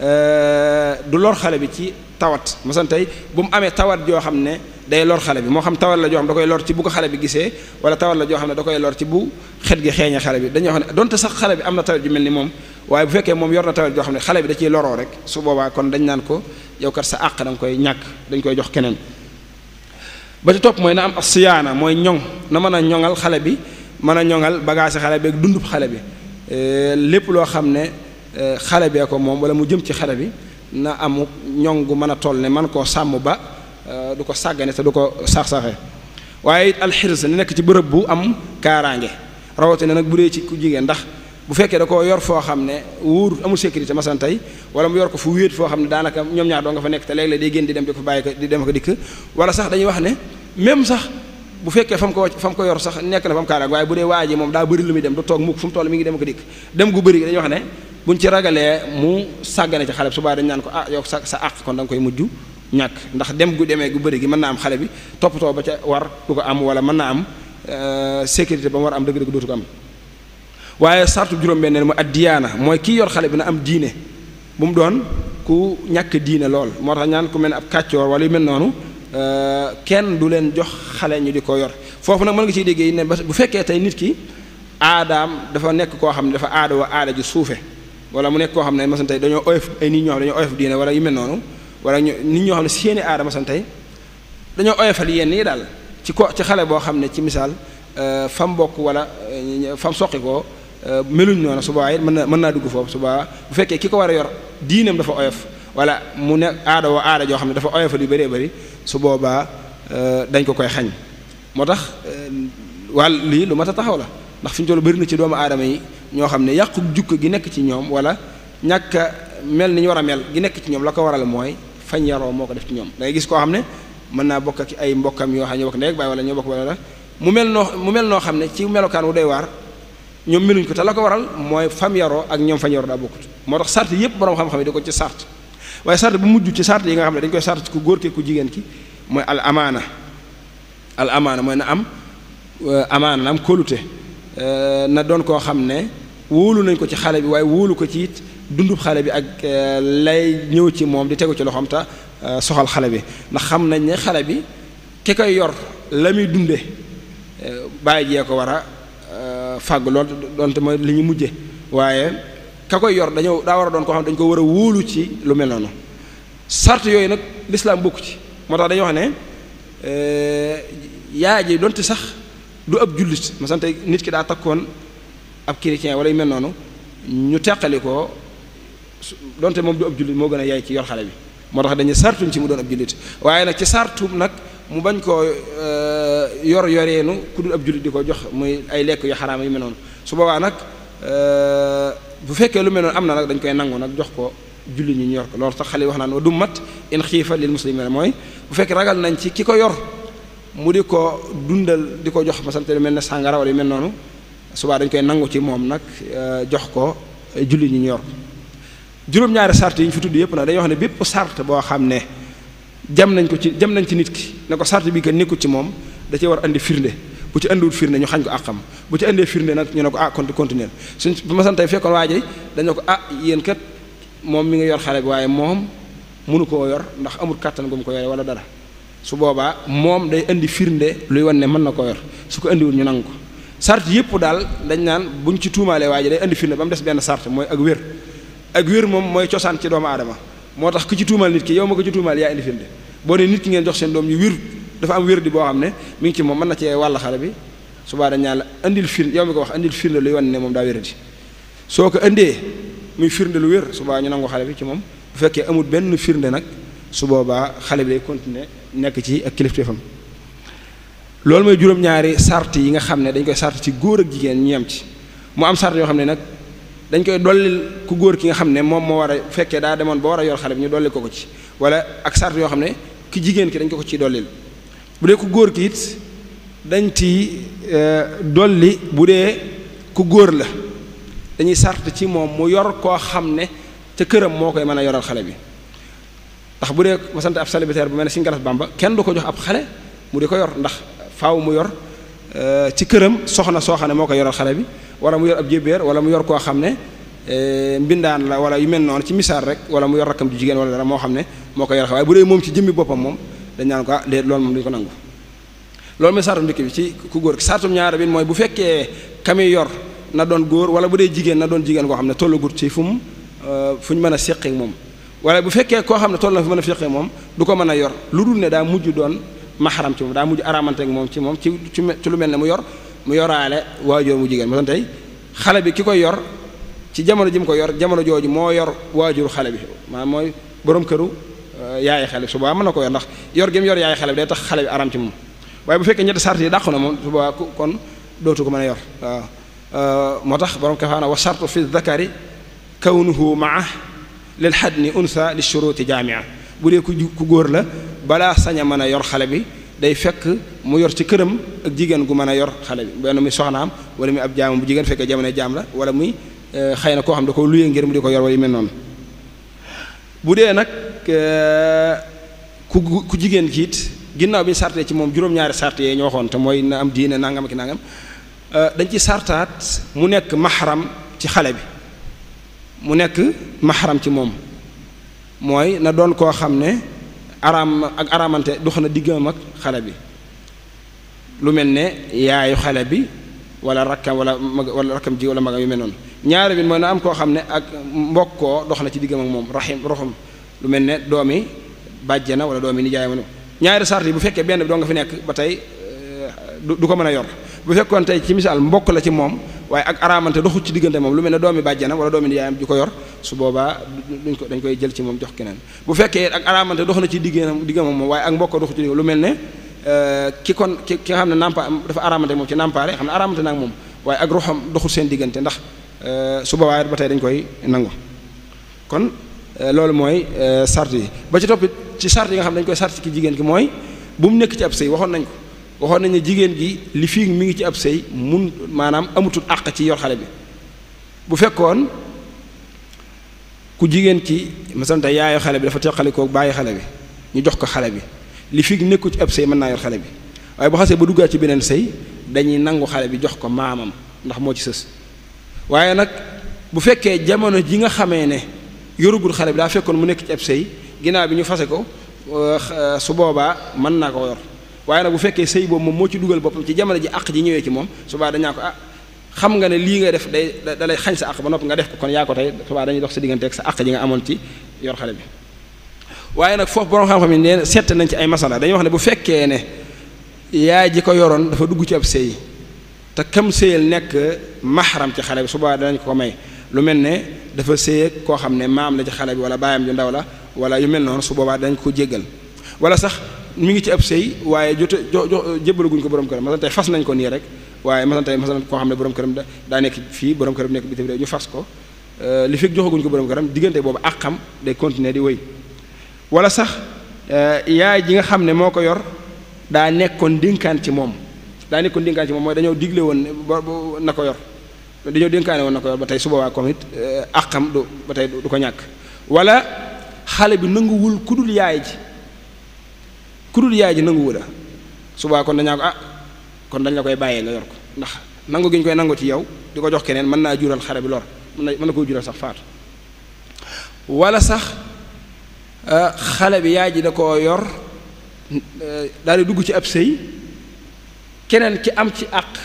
Euh, du lor xale bi ci tawat masan tey bu mu amee tawat joo xam ne day lor xale bi moo xam tawat la joo xam da koy lor ci bu ko xale bi gisee wala tawat la joo xam ne da koy lor ci bu xet gi xeeñe xale bi dañuy wax ne donte sax xale bi am na tawat ju mel ni moom waaye bu fekkee moom yor na ne xale bi loroo rek su boobaa kon dañ naan ko yow kat àq da koy ñàkk dañ koy jox keneen ci topp mooy na am asiyaana mooy ñoŋ na mën a ñoŋal xale bi mën a ñoŋal bagaasi xale bi ak dundub xale bi euh, lépp loo xam ne Euh, xale bee ko moom wala mu jëm ci xale bi na amu ñoŋ gu mën a toll ne man koo sàmm ba euh, du ko sàggane te du ko sax-saxe waaye it alxirs ni nekk ci bërëb bu am kaaraange rawatina nag bu dee ci ku jigéen ndax bu fekkee da ko yor foo xam ne wóorut amul sécurité masan tey wala mu yor ko fu wéet foo xam ne daanaka ñoom ñaar doo nga fa nekk te léeg-léeg day génn di dem di ko bàyyi ko di dem ko dikk wala sax dañuy wax ne même sax bu fekkee fa mu ko nekk na fa mu kaaraange waaye bu dee waa ji moom daa bëri lu muy dem mi ngi dem ko dikk dem gu bëri wax ne buñ ci ragalee mu sàggane ci xale bi subaa dañ naan ko ah yow sa sa àq kon da koy mujj ñàkk ndax dem gu demee gu bëri gi mën naa am xale bi toppatoo ba ca war du ko am wala mën naa am euh, sécurité ba mu war am dëgg-dëgg dootu ko am waaye sartu juróom-benneel mooy addiyaana mooy kii yor xale bi na am diine bu mu doon ku ñàkk diine lool moo tax ñaan ku mel ne ab kàccoor wala yu mel noonu euh, kenn du leen jox xale ñu di ko yor foofu nag mën nga ciy déggee ne bu fekkee tey nit ki aadaam dafa nekk koo xam ne dafa aada wa ju suufe wala mu nekk koo xam ne masan tey dañoo oyof ay nit ñoo xam dañoo oyof diine wala yu mel noonu wala ñu nit ñoo xam ne seeni aada masan tey dañoo oyofal yenn yi daal ci ko ci xale boo xam ne ci misaal euh, fam bokk wala euh, fam soqi koo euh, meluñ noonu su boobaa mën na mën naa dugg foofu su boobaa bu fekkee ki ko war a yor diineem dafa oyof wala mu ne aada woo aada joo xam ne dafa oyofal yu baree bari su boobaa dañ ko koy xañ moo tax wàll lii lu mat a taxaw la ndax fi ñu bari na ci doomu aadama yi ñoo xam ne yàqu jukk gi nekk ci ñoom wala ñàkk mel ni ñu war a mel gi nekk ci ñoom la ko waral mooy fañ yaroo moo ko def ci ñoom da gis koo xam ne mën naa bokk ak ay mbokkam yoo xam ñoo bokk ndey ak baay wala ñoo bokk wala mu mel noo mel noo xam ne ci melokaan wu doy waar ñoom meluñ ko te la ko waral mooy fam yaroo ak ñoom fañ yaroo daa bokkut moo tax sart yépp borom xam-xam yi da ko ci sart waaye sart bu mujj ci sart yi nga xam ne dañ koy sart ku góor ki ku jigéen ki mooy al amaana al amaana mooy na am euh, amaana na am euh, na doon koo xam ne wóolu nañ ko ci xale bi waaye wóolu ko ci it dundub xale bi ak euh, lay ñëw ci moom di tegu ci loxoom te euh, soxal xale bi ndax xam nañ ne xale bi ki koy yor la muy dunde euh, bàyyi jee ko war a fàgg lool donte ma li ñu mujje waaye ka koy yor dañoo daa war a doon koo xam dañu ko war a wóolu ci lu mel noonu sart yooyu nag lislaam bokku ci moo tax dañuy wax ne yaay ji donte sax du ab jullit ma nit ki daa takkoon ab chrétien wala yu mel noonu ñu teqali ko donte moom du ab jullit moo gën a yaay ci yor xale bi moo tax dañu sartuñ ci mu doon ab jullit waaye nag ci sartum nag mu bañ koo euh, yor yoreenu ku dul ab jullit di ko jox muy ay lekk yu xaraama yu mel noonu su boobaa nag euh, bu fekkee lu mel noonu am na nag dañ koy nangu nag jox ko jullit ñi ñu yor ko loolu tax xale wax naan wa du mat in xiifa lil muslimin mooy bu fekkee ragal nañ ci ki ko yor mu di ko dundal di ko jox masante lu mel ne sàngara wala yu mel noonu subaa dañ koy nangu ci moom nag euh, jox ko julli ñu yor juróom-ñaari sart yi ñu fi tudd yëpp nag dañuy wax ne bépp sart boo xam ne jam nañ ko ci jam nañ ci nit ki ne ko sart bi que nekkul ci moom da cee war andi firnde bu ci andiwul firnde ñu xañ ko àqam bu ci andee firnde nag ñu ne ko ah kon continuer suñ bu ma santee fekkoon waaje dañu ko ah yéen kat moom mi ngi yor xale bi waaye moom mënu koo yor ndax amul kàttan gu mu ko yore wala dara su boobaa moom day indi firnde luy wan ne mën na koo yor su ko indiwul ñu nangu ko sart yëpp daal dañ naan buñ ci tuumaalee waaye day indi firnde ba mu des benn sart mooy ak wér ak wér moom mooy cosaan ci doomu aadama moo tax ki ci tuumaal nit ki yow ma ko ci tuumaal yaa indi firnde boo ne nit ki ngeen jox seen doom ñu wér dafa am wér di boo xam ne mi ngi ci moom mën na cee wàll xale bi subaa dañ naan la indil firnde yow mi ko wax indil firnde luy wan ne moom daa wéradi soo ko indee muy firnde lu wér subaa ñu nangu xale bi ci moom bu fekkee amul benn firnde nag su boobaa xale bi day nekk ci ak kilifteefam loolu mooy juróom-ñaari sart yi nga xam ne dañ koy sart ci góor ak jigéen ñu yem ci mu am sart yoo xam ne nag dañ koy dollil ku góor ki nga xam ne moom moo war a fekkee daa demoon ba war a yor xale bi ñu dolli ko ci wala ak sart yoo xam ne ki jigéen ki dañ ko ko ciy dollil bu dee ku góor ki dañ ci e, dolli bu dee ku góor la dañuy sart ci moom mu yor koo xam ne ca këram moo koy mën a yoral xale bi ndax bu dee ma sant ab célibataire bu mel ne Sëriñ Galas Bamba kenn du ko jox ab xale mu di ko yor ndax faaw mu yor euh, ci këram soxna soo xam ne moo ko yoral xale bi wala mu yor ab jébéer wala mu yor koo xam ne euh, mbindaan la wala yu mel noonu ci misaal rek wala mu yor rakkam ju jigéen wala dara moo xam ne moo ko yor waaye bu dee moom ci jëmmi boppam moom dañ naan ko ah léegi loolu moom duñ ko nangu loolu mooy bi ci ku góor sartum ñaara bi mooy bu fekkee kami yor na doon góor wala bu dee jigéen na doon jigéen koo xam ne tollagut ci fu mu euh, fu ñu mën a séqi moom wala bu fekkee koo xam ne toll na fi mën moom du ko mën a yor lu dul ne daa mujj doon maxaram ci moom daa mujj aramante ak moom ci moom ci ci lu mel ne mu yor mu yoraale waajur mu jigéen ma doon tey xale bi ki koy yor ci jamono ji ko yor jamono jooju moo yor waajur xale bi maanaam mooy borom këru euh, yaay xale bi su boobaa mën na ko yor ndax yor gi yor yaay xale day tax xale bi aram ci waaye bu fekkee ñetti sart yi na moom su kon dootu ko mën a yor waaw euh, moo tax borom kafaana wa sartu fi zakari kawnuhu maa lil xadni unsa li shuruti jaamia bu dee ku ku góor la balaa sañ a mën a yor xale bi day fekk mu yor ci këram ak jigéen gu mën a yor xale bi benn muy soxnaam wala muy ab jaamam bu jigéen fekkee jamono jaam la wala muy eh, xëy na koo xam da ko luyee ngir mu di ko yor wala yu dee nag eh, ku ku jigéen ki ginnaaw bi ñu ci moom juróom sart yee ñu waxoon mooy na am diine nangam ak nangam eh, dañ ci sartaat mu nekk maxaram ci xale bi mu nekk maxaram ci moom mooy na doon koo xam ne araam ak araamante dox na diggam ak xale bi lu mel ne yaayu xale bi walla rakkam wala mag wala rakkam ji wala magam yu mel noonu ñaari bi mooy na am koo xam ne ak mbokkoo dox na ci diggam ak moom raxim roxum lu mel ne doomi na wala doomi nijaay ma ñaari sart yi bu fekkee benn bi doo nga fi nekk ba tey euh, du ko mën a yor bu fekkoon tey ci misaal mbokk la ci moom waaye ak araamante doxut ci diggante moom lu mel ne doomi bàjjanam wala doomi yaayam ju ko yor su boobaa duñ ko dañ koy jël ci moom jox keneen bu fekkee ak araamante dox na ci diggéenam diggam moom waaye ak mbokk doxut ci diggam lu mel ne euh, ki kon ki ki nga xam ne nampa dafa araamante ci nampaare xam ne araamante naag moom waaye ak ruxam doxut seen diggante ndax euh, su boobaa ba tey dañ koy nangu kon euh, loolu mooy sart yi ba ci toppit ci sart yi nga xam ne dañ koy sart ki jigéen ki mooy bu mu nekk ci ab sëy waxoon nañ ko waxoon nañ jigéen gi li fii mi ngi ci ab sëy mun maanaam amutul àq ci yor xale bi bu fekkoon ku jigéen ci masante yaayu xale bi dafa teqalikoo bàyyi xale bi ñu jox ko xale bi li fii nekku ci ab sëy mën naa yor xale bi waaye xasee ba duggaat ci beneen sëy dañuy nangu xale bi jox ko maamam ndax moo ci sës waaye nag bu fekkee jamono ji nga xamee ne yorugul xale bi daa fekkoon mu nekk ci ab sëy ginnaaw bi ñu fase ko euh, su boobaa mën naa ko yor waaye nag bu fekkee sëy boobu moom moo ci dugal boppam ci jamono ji àq ji ñëwee ci moom subaa dañaa ko ah, xam nga ne lii nga def day da xañ sa àq ba noppi nga def ko kon yaa ko tey subaa dañuy dox sa diggante ak sa àq ji xale bi waaye nag foofu borom xam-xam yi nee nañ ci ay masala dañuy wax ne bu fekkee ne ji ko yoroon dafa dugg ci ab sëy te kam sëyal nekk maxaram ci xale subaa danañ ko may lu mel ne dafa sëyeeg koo xam ne maam la ci xale bi wala baayam ju ndaw la wala yu mel noonu su boobaa dañ ko jéggal wala sax mi ngi ci ab sëy waaye jote jo jo jébalaguñ ko borom këram masan tey fas nañ ko nii rek waaye masan tey masan koo xam ne borom këram da daa nekk fii borom këram nekk bitim réew ñu fas ko euh, li fekk joxaguñ ko borom këram diggante boobu ak xam day continuer di wéy wala sax euh, yaay ji nga xam ne moo ko yor daa nekkoon dénkaan ci moom daa nekkoon dénkaan ci moom mooy dañoo digle woon na ko yor dañoo dénkaane woon na ko yor ba tey suba waa comme it euh, ak xam du ba tey du ko ñàkk wala xale bi nanguwul ku dul yaay ji ku dul yaay ji nanguwu la subaa kon dañaa ko ah kon dañ la koy bàyyee nga yor ko ndax nangu gi ñu koy nangu ci yow di ko jox keneen mën naa jural xale bi lor mën na mën na koo jural sax faatu wala sax euh, xale bi yaay ji da koo yor euh, daal di dugg ci ab sëy keneen ki am ci àq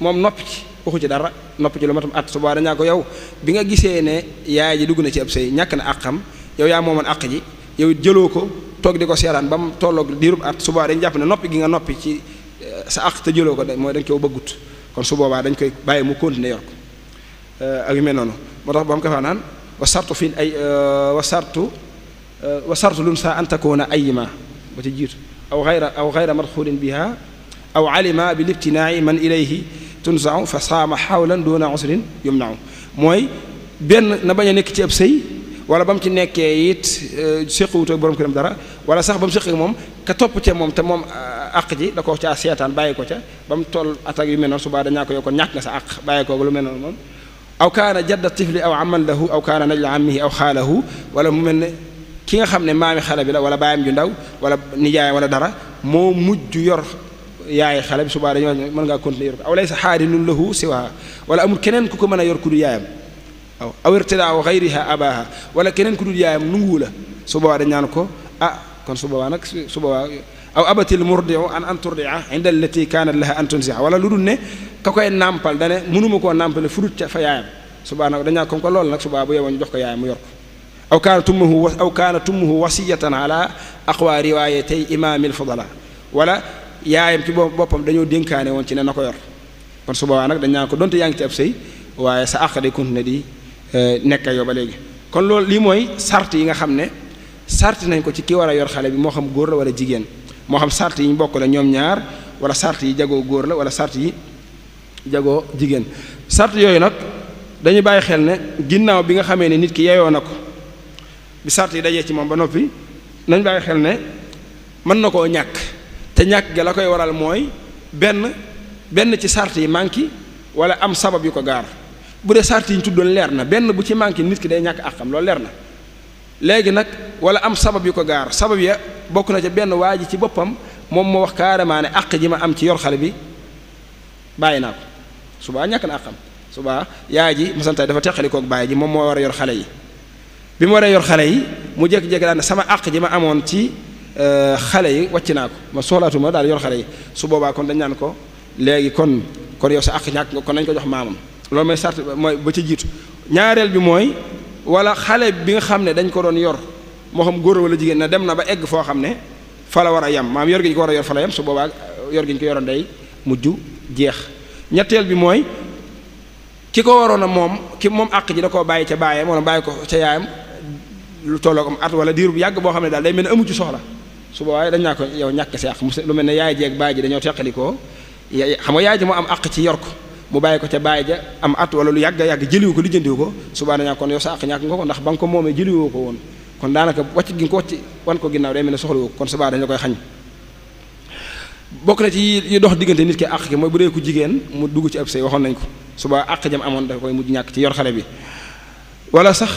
moom noppi ci waxu ci dara noppi ci lu matam at subaa dañaa ko yow bi nga gisee ne yaay ji dugg na ci ab sëy ñàkk na àqam yow yaa moomoon àq ji yow jëloo ko toog di ko seeraan ba mu tolloog diirub at su boobaa dañu jàpp ne noppi gi nga noppi ci eh, sa àq te jëloo ko mooy dañ koo bëggut kon su boobaa dañ koy bàyyi mu continuer yor ko eh, mel noonu moo tax ba mu fi ay wa sartu eh, wa sartu lum saa an takuuna ayima ba aw xayra aw xayra madxulin biha aw bi libtinaai man ilayhi tunsau fa saama xawlan duna usrin mooy benn na bañ nekk ci ab sëy wala ba mu ci nekkee it euh, séquwut ak borom këram dara wala sax ba mu séq moom ka topp ca moom te moom euh, àq ji da ko caa seetaan bàyyi ko ca ba mu toll attaque yu mel noonu subaa dañaa ko yow kon ñàkk nga sa àq bàyyi ko lu mel noonu moom aw kaana jadda tifli aw aman lahu aw kaana najla ammihi aw xaalahu wala mu mel ne ki nga xam ne maami xale bi la wala baayam ju ndaw wala nijaay wala dara moo mujj yor yaay xale bi subaa dañoo mën ngaa continuer yor ko aw laysa xaari nun lahu siwaa wala amul keneen ku ko mën a yor ku du yaayam aw aw irtidaa xayriha abaha wala keneen ku dul yaayam nunguwu la su boobaa dañ naan ko ah kon su boobaa nag su boobaa aw abatil murdiu an an turdia inda allati kaanat laha wala lu dul ne ka koy nàmpal dane mënuma koo nàmpale fu dul fa yaayam su boobaa nag dañ naan loolu nag su boobaa bu yeboo ñu ko yaayam mu yor ko aw kaana tummuhu aw kaana tummuhu wasiyatan ala aqwa riwaayatay imaamil fudala wala yaayam ci boppam dañoo dénkaane woon ci ne na ko yor kon su boobaa nag dañ naan ko donte yaa ngi ci ab sëy waaye sa àq day na di Eh, nekk yow ba léegi kon loolu lii mooy sart yi nga xam ne sart nañ ko ci ki war a yor xale bi moo xam góor la wala jigéen moo xam sart yi ñu bokk la ñoom ñaar wala sart yi jagoo góor la wala sart yi jagoo jigéen sart yooyu nag dañu bàyyi xel ne ginnaaw bi nga xamee ne nit ki yeyoo na ko bi sart yi dajee ci moom ba noppi nañ bàyyi xel ne mën na koo ñàkk te ñàkk ga la koy waral mooy benn benn ci sart yi manqué wala am sabab yu ko gaar bu dee sart yi ñu tuddoon leer na benn bu ci manqué nit ki day ñàkk àqam loolu leer na léegi nag wala am sabab yu ko gaar sabab ya bokk na ca benn waa ji ci boppam moom moo wax carrément ne àq ji ma am ci yor xale bi bàyyi naa ko subaa ñàkk na àqam subaa yaay ji masantay dafa teqali koog bàyyi ji moom moo war a yor xale yi bi mu waree yor xale yi mu jékki jekk daal ne sama àq ji ma amoon ci euh, xale yi wàcc naa ko ma soxlaatuma daal yor xale yi su boobaa kon dañ naan ko léegi kon kon yow sa àq ñàkk nga kon nañ ko jox maamam loolu mooy sart mooy ba ca jiitu ñaareel bi mooy wala xale bi nga xam ne dañ ko doon yor moo xam góor wala jigéen na dem na ba egg foo xam ne fa la war a yem maam yor gi ñu ko war su boobaa yor gi ko yoroon day mujj jeex ñetteel bi mooy ki ko waroon a moom ki moom àq ji da koo bàyyi ca baayam wala bàyyi ko yaayam lu tolloo am at wala diir bu yàgg boo xam ne day mel ne amu ci soxla su boobaa dañ naa ko yow ñàkk si àq lu ne yaay jeeg baay ji dañoo teqali koo xam nga yaay ji moo am àq ci yor ko mu bàyyi ko ca bàyyi ja am at wala lu yàgg yàgg jëliwu ko lijjantiwu ko subaa dañaa kon yow sa àq ñàkk nga ko ndax ba nga ko moomee jëliwoo ko woon kon daanaka wàcc gi nga ko wàcc wan ko ginnaaw day mel ne soxlawoo ko kon subaa dañu koy xañ na ci yi dox diggante nit ki àq ki mooy bu jigéen mu dugg ci ab sëy waxoon nañ ko subaa àq jam amoon da koy mujj ñàkk ci yor xale bi wala sax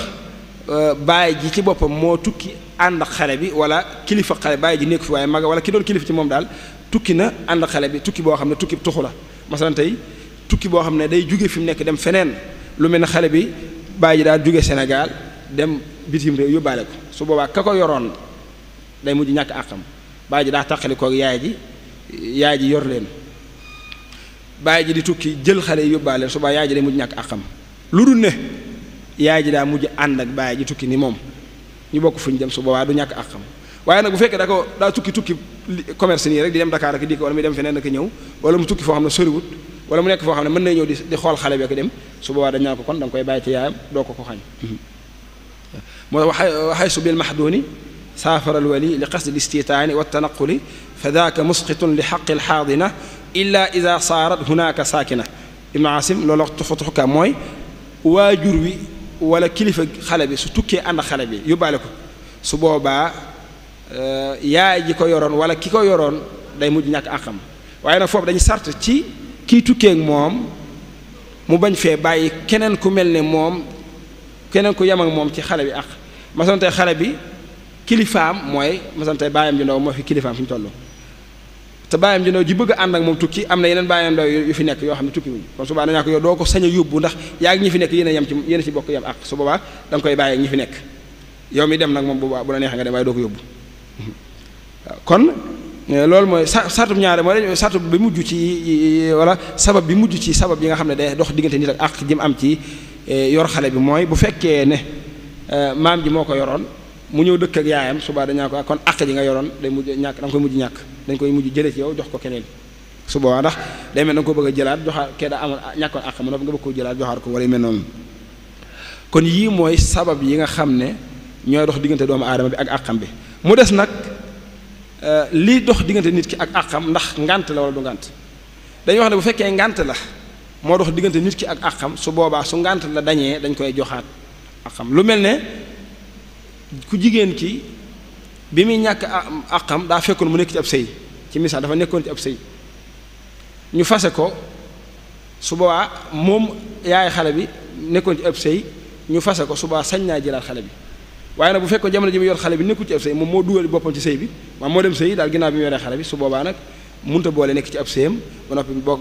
euh, baay ji ci boppam moo tukki ànd ak xale bi wala kilifa xale baay ji nekk fi waaye mag wala ki doon kilifa ci moom daal tukki na ànd xale bi tukki boo xam ne tukki tuxu la masalan tey tukki boo xam ne day jóge fi mu nekk dem feneen lu mel ne xale bi bàyyi daa jóge Sénégal dem bitim réew yóbbaale ko su boobaa ka ko yoroon day mujj ñàkk àqam bàyyi ji daa taqali kook yaay ji yaay ji yor leen bàyyi ji di tukki jël xale yi yóbbaale su boobaa yaay ji day mujj ñàkk àqam lu dul ne yaay ji daa mujj ànd ak bàyyi ji tukki ni moom ñu bokk fu ñu dem su boobaa du ñàkk àqam waaye nag bu fekkee da ko daa tukki tukki commerce nii rek di dem Dakar ak dikk wala ak ñëw wala mu tukki foo xam ne soriwut wala mu nekk foo xam ne mën na ñëw di di xool xale bi ko dem su boobaa dañ naan ko kon da nga koy bàyyi ci yaayam doo ko ko xañ moo su bil maxduuni saafara alwali li qasdi listitaani wa tanaquli fa daaka musqitun li xaqi alxaadina illa ida saarat hunaka saakina ibnu asim loolu wax tuxutuxuka mooy waajur wi wala kilifa xale bi su tukkee ànd xale bi yóbbaale ko su boobaa eh, yaay ji ko yoroon wala ki ko yoroon day mujj ñàkk àqam waaye nag foofu dañu sart ci kiy tukkee moom mu bañ fee bàyyi keneen ku mel ni moom keneen ku yem ak moom ci xale bi ak masoon xale bi kilifaam mooy masoon tey baayam ju ndaw moo fi kilifaam fi ñu toll te baayam ju ndaw ji bëgg ànd ak moom tukki am na yeneen baayam ndaw yu fi nekk yoo xam ne tukki wuñ kon su boobaa dañaa ko yow doo ko sañ a yóbbu nekk yéen a yem ci yéen a ci bokk yem ak su boobaa koy bàyyi ñu fi nekk yow mi dem nag moom bu la neexee nga dem waaye doo ko yóbbu (laughs) waaw kon Euh, loolu mooy sa sartub ñaare mooy sartub bi mujj ci wala sabab bi mujj ci sabab yi nga xam ne day dox diggante nit ak àq mu am ci euh, yor xale bi mooy bu fekkee ne euh, maam ji moo ko yoroon mu ñëw dëkk ak yaayam subaa dañaa ko ah, kon àq ji nga yoroon day mujj ñàkk da nga koy mujj ñàkk dañ koy mujj jëlee ci yow jox ko keneen su boobaa ndax day mel da nga bëgg a jëlaat joxaat kee da amoon ah, ñàkkoon àq ma nga bëgg koo jëlaat joxaat ko wala yu mel noonu kon yii mooy sabab yi nga xam ne ñoo dox diggante doomu aadama bi ak àqam bi mu des nag Euh, lii dox diggante nit ki ak àqam ndax ngànt la wala du ngànt dañuy wax ne bu fekkee ngànt la moo dox diggante nit ki ak àqam su boobaa su ngànt la dañee dañ koy joxaat àqam lu mel ne ku jigéen ki bi muy ñàkk àqam daa fekkoon mu nekk ci ab sëy ci misaal dafa nekkoon ci ab sëy ñu fase ko su boobaa moom yaay xale bi nekkoon ci ab sëy ñu fase ko su boobaa sañ naa jëlaat xale bi waaye nag bu fekkoon jamono ji mu yor xale bi nekkul ci ab sëy moom moo dugal boppam ci sëy bi maam moo dem sëy daal ginnaaw bi mu yoree xale bi su boobaa nag munta boole nekk ci ab sëyam ba noppi boo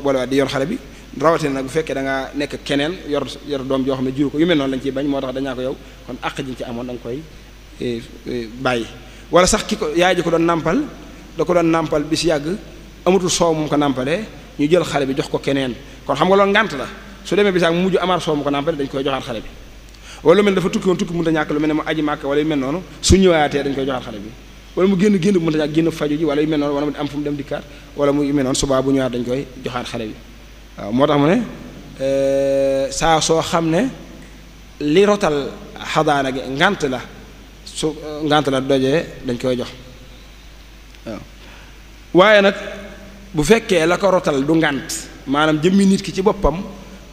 xale bi rawatina nag bu fekkee da nekk keneen yor yor doom xam ne juru ko yu mel noonu lañ ciy bañ moo tax dañaa ko yow kon nga koy eh, eh, bàyyi wala sax ki ko yaay ji ko doon nàmpal da ko doon nàmpal bis yàgg amatul soow mu ko nàmpalee ñu jël xale bi jox ko keneen kon xam nga loolu ngànt la su demee bis yàgg mu mujj amaat soow mu ko nàmpalee dañ koy joxaat xale bi wala lu mel dafa tukki woon tukki mënta ñàkk lu mel ne mu aji màkk wala yu mel noonu su ñëwaatee dañ koy joxaat xale bi wala mu génn génn bu mënta ñàkk génn faju ji wala yu mel noonu wala mu am fu mu mu yu mel noonu subaa bu ñëwaat dañ koy joxaat xale bi waaw moo tax mu ne euh, saa soo xam ne li rotal xadaana gi ngant la su ngant la dojee dañ koy jox waaw waaye nag bu fekkee la ko rotal du ngant maanaam jëmmi nit ki ci boppam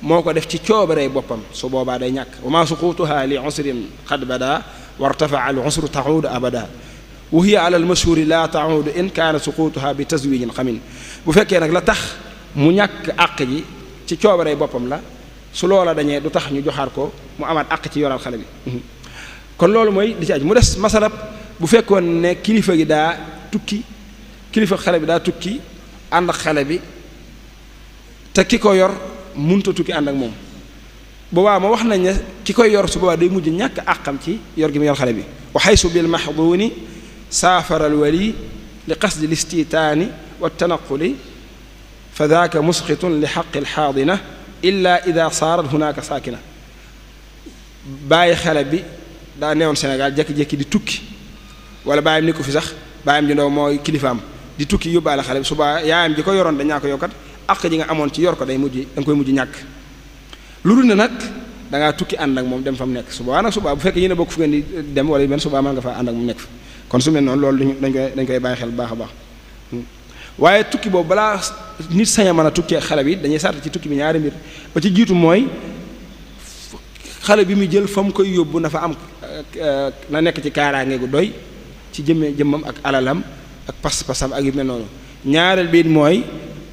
moo ko def ci coobarey boppam su boobaa day ñàkk wa maa suquutuha li usrin qad bada wa irtafaa al usru taudu abada wa hiya ala al mashhuri la taudu in kaana suquutuha bi taswijin xamin bu fekkee nag la tax mu ñàkk àq ji ci coobarey boppam la su loola dañee du tax ñu joxaat ko mu amaat àq ci yoral xale bi mhm. kon loolu mooy di ci aj mu des masalab bu fekkoon ne kilifa gi daa tukki kilifa xale bi daa tukki ànd ak xale bi te ki ko yor munta tukki ànd ak moom boobaa ma wax nañ ne ki koy yor su boobaa day mujj ñàkk àqam ci yor gi mu xale bi wa xaysu bil maxduuni saafara al wali li qasdi listitaani wa tanaquli fa daaka musqitun li xaqi alxaadina bàyyi xale bi daa neewoon Sénégal jékki-jékki di tukki wala bàyyam ni ko fi sax bàyyam ji ndaw mooy kilifaam di tukki yóbbaale xale bi suba yaayam ji ko yoroon dañaa ko yokkat àq ji nga amoon ci yor ko day mujj da koy mujj ñàkk lu dul ne nag da ngaa tukki ànd ak moom dem fa mu nekk subaa nag subaa bu fekkee yéen a bokk fu ngeen di dem wala benn subaa mën nga faa ànd ak mu nekk fa kon su mel noonu loolu dañ koy dañ koy bàyyi xel bu baax a baax waaye tukki boobu balaa nit sañ a mën a tukkee xale bi dañuy sart ci tukki bi ñaari mbir ba ci jiitu mooy xale bi mu jël fa mu koy yóbbu na fa am eh, na nekk ci kaaraange gu doy ci jëmmee jëmmam ak alalam ak pas-pasam ak yu mel noonu ñaareel bi mooy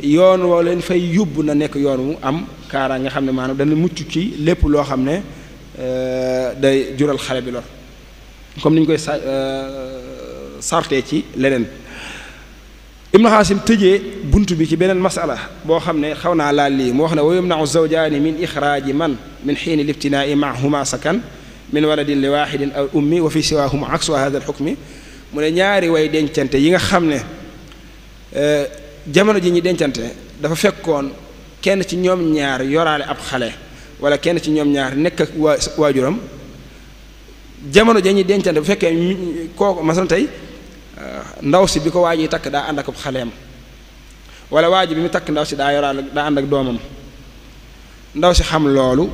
yoon woo leen fay yóbbu na nekk yoon wu am kaara nga xam ne maanaam dana mucc ci lépp loo xam ne euh, day jural xale bi lor comme ni ñu koy sa euh, sartee ci leneen ibnu xaasim tëjee bunt bi ci beneen masala boo xam ne xaw naa laal lii mu wax ne wa yumnau zawjaani min ixraaji man min xiini liftinaai mahuma sakan min waladin li waaxidin aw ummi wa fi siwaahum aksu hada al xukmi mu ne ñaari way dencante yi nga xam ne euh, jamono ji ñi dencante dafa fekkoon kenn ci ñoom ñaar yoraale ab xale wala kenn ci ñoom ñaar nekk ak waa waajuram jamono ja ñuy dencante bu fekkee kooku masan tey euh, ndaw si bi ko waaj yi takk daa ànd ak ab xaleem wala waaj bi mu takk ndaw si daa yoraale daa ànd doomam ndaw si xam loolu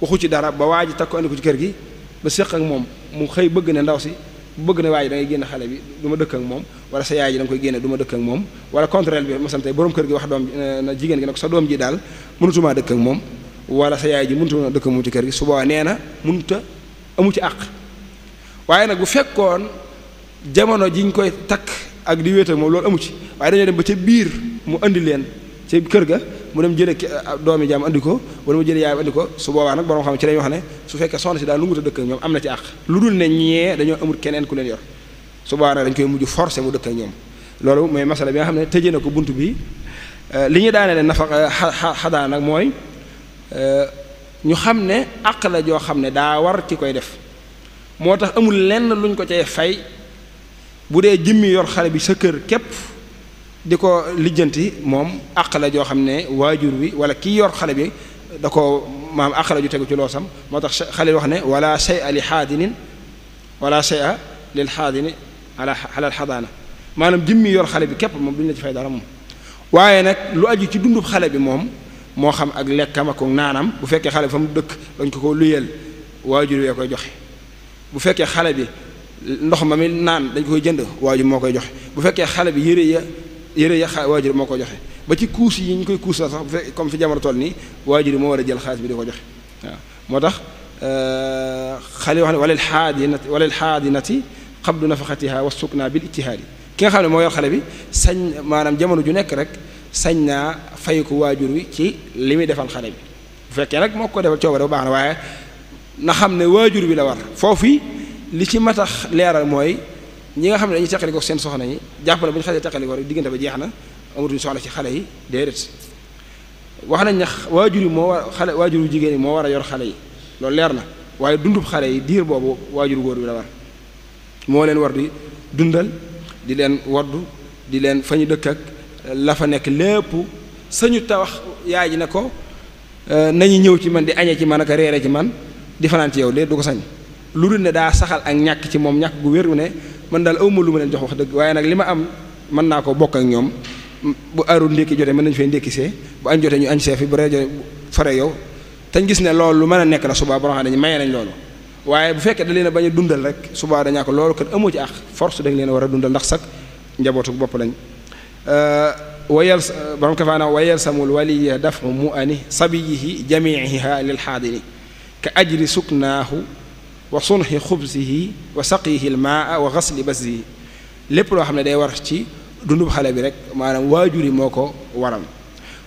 waxu ci dara ba waaj takk andi ko ci kër gi ba séq ak moom mu xëy bëgg na ndaw si bëgg na waaye da ngay génn xale bi du ma dëkk ak moom wala sa yaay ji da koy génne duma ma dëkk ak moom wala contraire bi masam tey borom kër gi wax doom eh, na jigéen gi ne sa doom ji daal mënutumaa dëkk ak moom wala sa yaay ji mënutuma dëkk ak ci kër gi su boobaa nee na mënuta amu ci àq waaye nag bu fekkoon jamono jiñ koy takk ak di wéet ak moom loolu amu ci waaye dañoo dem ba ca biir mu indi leen ca kër ga mu dem jëlee doomi jaam andi ko wala mu jëlee yaayam andi ko su boobaa nag borom xam ci lañu wax ne su fekkee soxna si daa lu nguta dëkk ak ñoom am na ci àq lu dul ne ñee dañoo amul keneen ku leen yor su boobaa dañ koy mujj forcé mu dëkk ak ñoom loolu mooy masala nga xam ne tëjee na ko bunt bi euh, li ñu daanee nafa xadaa nag mooy euh, ñu xam ne àq la joo xam ne daa war ci koy def moo tax amul lenn luñ ko cay fay bu dee jimmi yor xale bi sa kër képp di ko lijjanti moom àq joo xam ne waajur wi wala kii yor xale bi da ko maam àq ju tegu ci loosam moo tax xale wax ne wala shay a li xaadinin wala shay a lil xaadini ala alal xadaana maanaam jëmmi yor xale bi képp moom duñu la ci fay dara moom waaye nag lu aju ci dundub xale bi moom moo xam ak lekkam ak naanam bu fekkee xale bi fa mu dëkk dañ ko ko luyeel waajur wee koy joxe bu fekkee xale bi ndox ma mi naan dañ koy jënd waajur moo koy joxe bu fekkee xale bi yére ya yére ya waajur moo ko joxe ba ci kuus yi ñu koy kuus la sax bu fekk comme fi jamono nii waajur moo war a jël xaalis bi di ko joxe waaw moo tax euh, xale wax ne walil xaadinati walil xaadinati xablu nafaxatiha wa sukna bil ijtihaadi ki nga xam ne moo yor xale bi sañ maanaam jamono ju nekk rek sañ naa fay ko waajur wi ci li muy defal xale bi bu fekkee nag moo ko defal coobare bu baax na waaye na xam ne waajur bi la war foofu li ci matax leeral mooy ñi nga xam ne dañuy teqalikoo seen soxna yi jàpp na bu ñu xasee teqalikoo rek diggante ba jeex na amatuñ soxla ci xale yi déedéet wax nañ ne waajur yi xale waajuru jigéen yi moo war a yor xale yi loolu leer na waaye dundub xale yi diir boobu waajur góor bi la war moo leen war di dundal di leen waddu di leen fa ñu dëkk ak lafa nekk lépp sañu tawax yaay ji ne ko euh, nañu ñëw ci man di añee ci man ak reere ci man di fanaan ci yow de du ko sañ lu dul ne daa saxal ak ñàkk ci moom ñàkk gu wéru ne mën daal awma lu ma leen jox wax dëgg waaye nag li ma am mën naa ko bokk ak ñoom bu aaru ndékki jotee mën nañu fay ndékkisee bu añ jotee ñu añ see fi bu rajo fare yow tañ gis ne loolu lu mën a nekk la subaa boo xam ne maye nañ loolu waaye bu fekkee da leen a bañ a dundal rek subaa dañaa ko loolu kat amoo ci àq force dañ leen war a dundal ndax sax njabootu bopp lañ euh, wayal borom kafaana wayal samul waliya dafu mu ani sabiyihi jamiiha lil xaadini ka ajri suknaahu wa sulxi xubsihi wa saqihi l maa wa xasli basii lépp loo xam ne day war ci dundub xale bi rek maanaam waajur yi moo ko waral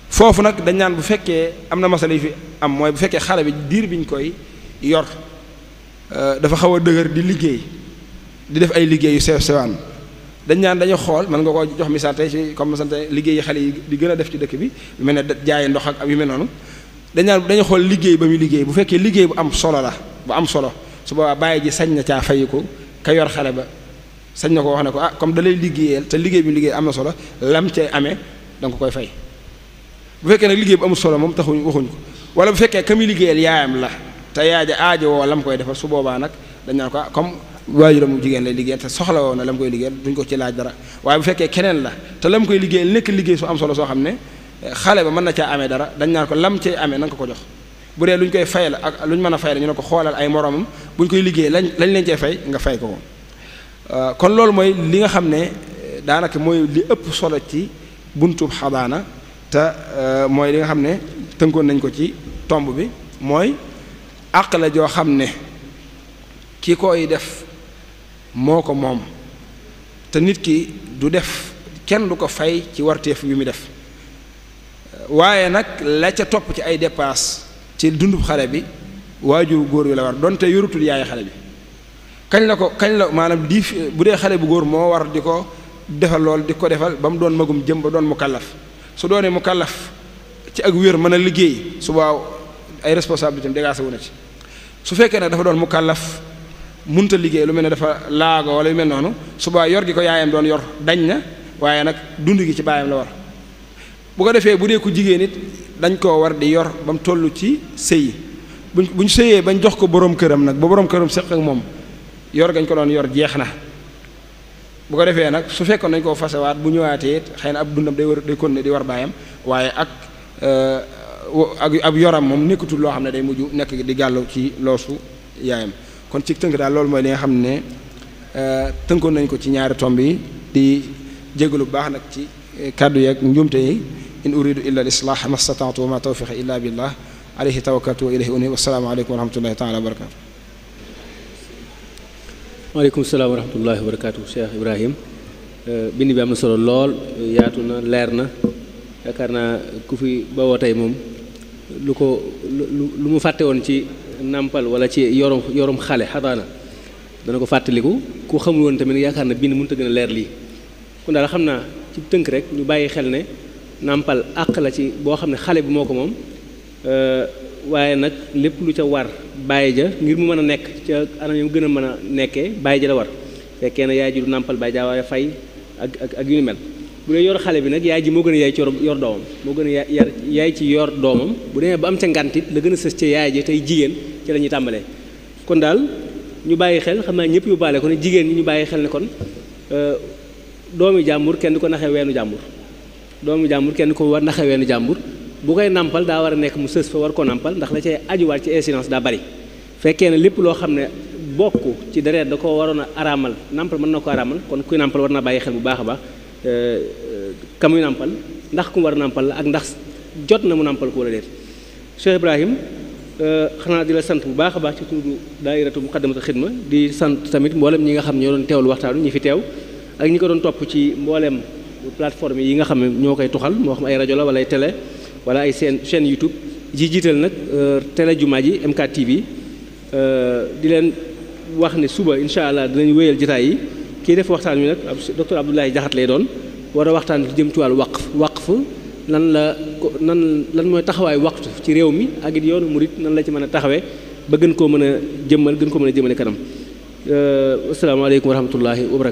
foofu nag dañ naan bu fekkee am na masala yi fi am mooy bu fekkee xale bi diir biñ koy yor euh, dafa xaw a dëgër di liggéey di def ay liggéey yu sew sewaan dañ naan dañu xool mën nga ko jox misaal tey ci comme sant liggéey yi xale yi di gën a def ci dëkk bi yu mel ne jaaye ndox ak yu mel noonu dañ naan dañu xool liggéey ba muy liggéey bu fekkee liggéey bu am solo la bu am solo su boobaa bàyyi ji sañ na caa fayiku ka yor xale ba sañ na ko wax ne ko ah comme da lay liggéeyal te liggéey bi liggéey am na solo lam cay amee da ko fay bu fekkee nag liggéey bu amul solo moom taxuñ waxuñ ko wala bu fekkee ka muy liggéeyal yaayam la te yaaja aajo woo lam koy defal su boobaa nag dañ naan ko ah comme waajuramu jigéen lay liggéeyal te soxla woon na lam koy liggéeyal duñ ko ci laaj dara waaye bu fekkee keneen la te lam koy liggéeyal nekk liggéey su am solo soo xam ne xale ba mën na caa amee dara dañ naan ko lam cay amee na ko ko jox bu dee lu ñu koy fay la ak lu ñu mën a fay la ñu ne ko xoolal ay moromam bu ñu koy liggéey lañ lañ leen cee fay nga fay ko ko euh, kon loolu mooy li nga xam ne euh, daanaka mooy li ëpp solo ci buntu xabaana te euh, mooy li nga xam ne tënkoon nañ ko ci tomb bi mooy àq la joo xam ne ki koy def moo ko moom te nit ki du def kenn du ko fay ci warteef yu muy def waaye nag la ca topp ci ay dépenses ci dundub xale bi waajur góor wi la war donte yorutul yaay xale bi kañ la ko kañ la maanaam di bu dee xale bu góor moo war di ko defal lool di ko defal ba mu doon magum jëm ba doon mu kallaf su doonee mu kallaf ci ak wér mën a liggéey su ay responsabilité am dégagé wu na ci su fekkee nag dafa doon mu kallaf munta liggéey lu mel ne dafa laago wala yu mel noonu subaa yor gi ko yaayam doon yor dañ na waaye nag dund gi ci baayam la war bu ko defee bu dee ko jigéen it dañ koo war di yor ba tollu ci sëy buñ buñ sëyee bañ jox ko boroom këram nag ba boroom këram seq ak moom yor gañ ko doon yor jeex na bu ko defee nag su fekkoon dañ koo fasewaat bu ñëwaatee xëy na ab dundam day war day kon ne di war baayam waaye ak euh, ak ab yoram moom nekkatul loo xam ne day mujj nekk di gàllu ci loosu yaayam kon ci tënk daal loolu mooy di nga xam ne euh, tënkoon nañ ko ci ñaari tomb yi di jégalu lu baax nag ci euh, kàddu yeeg njuumte in uridu illa al islah ma stata'tu wa ma tawfiqi illa billah alayhi tawakkaltu wa ilayhi unib wassalaamu aleykum wa rahmatullahi taala wa barakatu waaleykum salaam wa rahmatullahi wa barakatuh Cheikh Ibrahim bind bi am na solo lool yaatu na leer na yaakaar naa ku fi bawoo tey moom lu ko lu mu fàtte woon ci nàmpal wala ci yorum yorum xale xadaana dana ko fàttaliku ku xamul woon tamit yaakaar na bind mënut a gën a leer lii kon daal xam naa ci tënk rek ñu bàyyi xel ne nàmpal àq la ci boo xam ne xale bi moo ko moom euh, waaye nag lépp lu ca war bàyyi ja ngir mu mën a nekk ca anam yu gën a mën a nekkee bàyyi ja la war fekkee na yaay ji du nàmpal bàyyi ja waaye fay ak ak ak yu ni mel bu dee yor xale bi nag yaay ji moo gën a yaay ci yor doomam moo gën a yaay yaay ci yor doomam bu dee ba am ca ngàntit la gën a sës ca yaay ja tey jigéen ci la ñuy tàmbalee kon daal ñu bàyyi xel xam naa ñëpp yu baale ko ne jigéen ñi ñu bàyyi xel ne kon euh, doomi jàmbur kenn du ko naxee weenu jàmbur doomu jàmbur kenn ko war na xeween jàmbur bu koy nàmpal daa war a nekk mu sës fa war koo nàmpal ndax la cay ajuwaat ci incidence daa bari fekkee ne lépp loo xam ne bokk ci dereet da ko waroon a araamal nàmpal mën na ko araamal kon kuy nàmpal war na bàyyi xel bu baax a baax euh, euh, kamuy nàmpal ndax ku war a nàmpal la ak ndax jot na mu nàmpal ko wala déet Cheikh Ibrahim euh, xanaa di la sant bu baax a baax ci tuudu daairatu muqaddamatul xidma di sant tamit mboolem ñi nga xam ñoo doon teewlu waxtaanu ñi fi teew ak ñi ko doon topp ci mboolem plateforme yi nga xam ne ñoo koy tuxal moo xam ay rajo la wala ay télé wala ay seen chaîne YouTube ji jiital nag euh, télé jumaa ji MK TV euh, di leen wax ne suba incha allah dinañ wéyal jotaay yi kii def waxtaan wi nag docteur Abdoulaye Diakhaté lay doon war a waxtaan jëm ci wàllu waqf waqf lan la nan lan mooy taxawaay waqf ci réew mi ak it yoonu murit nan la ci mën a taxawee ba gën koo mën a jëmal gën ko mën a jëmale kanam euh, asalaamaaleykum wa rahmatullahi wa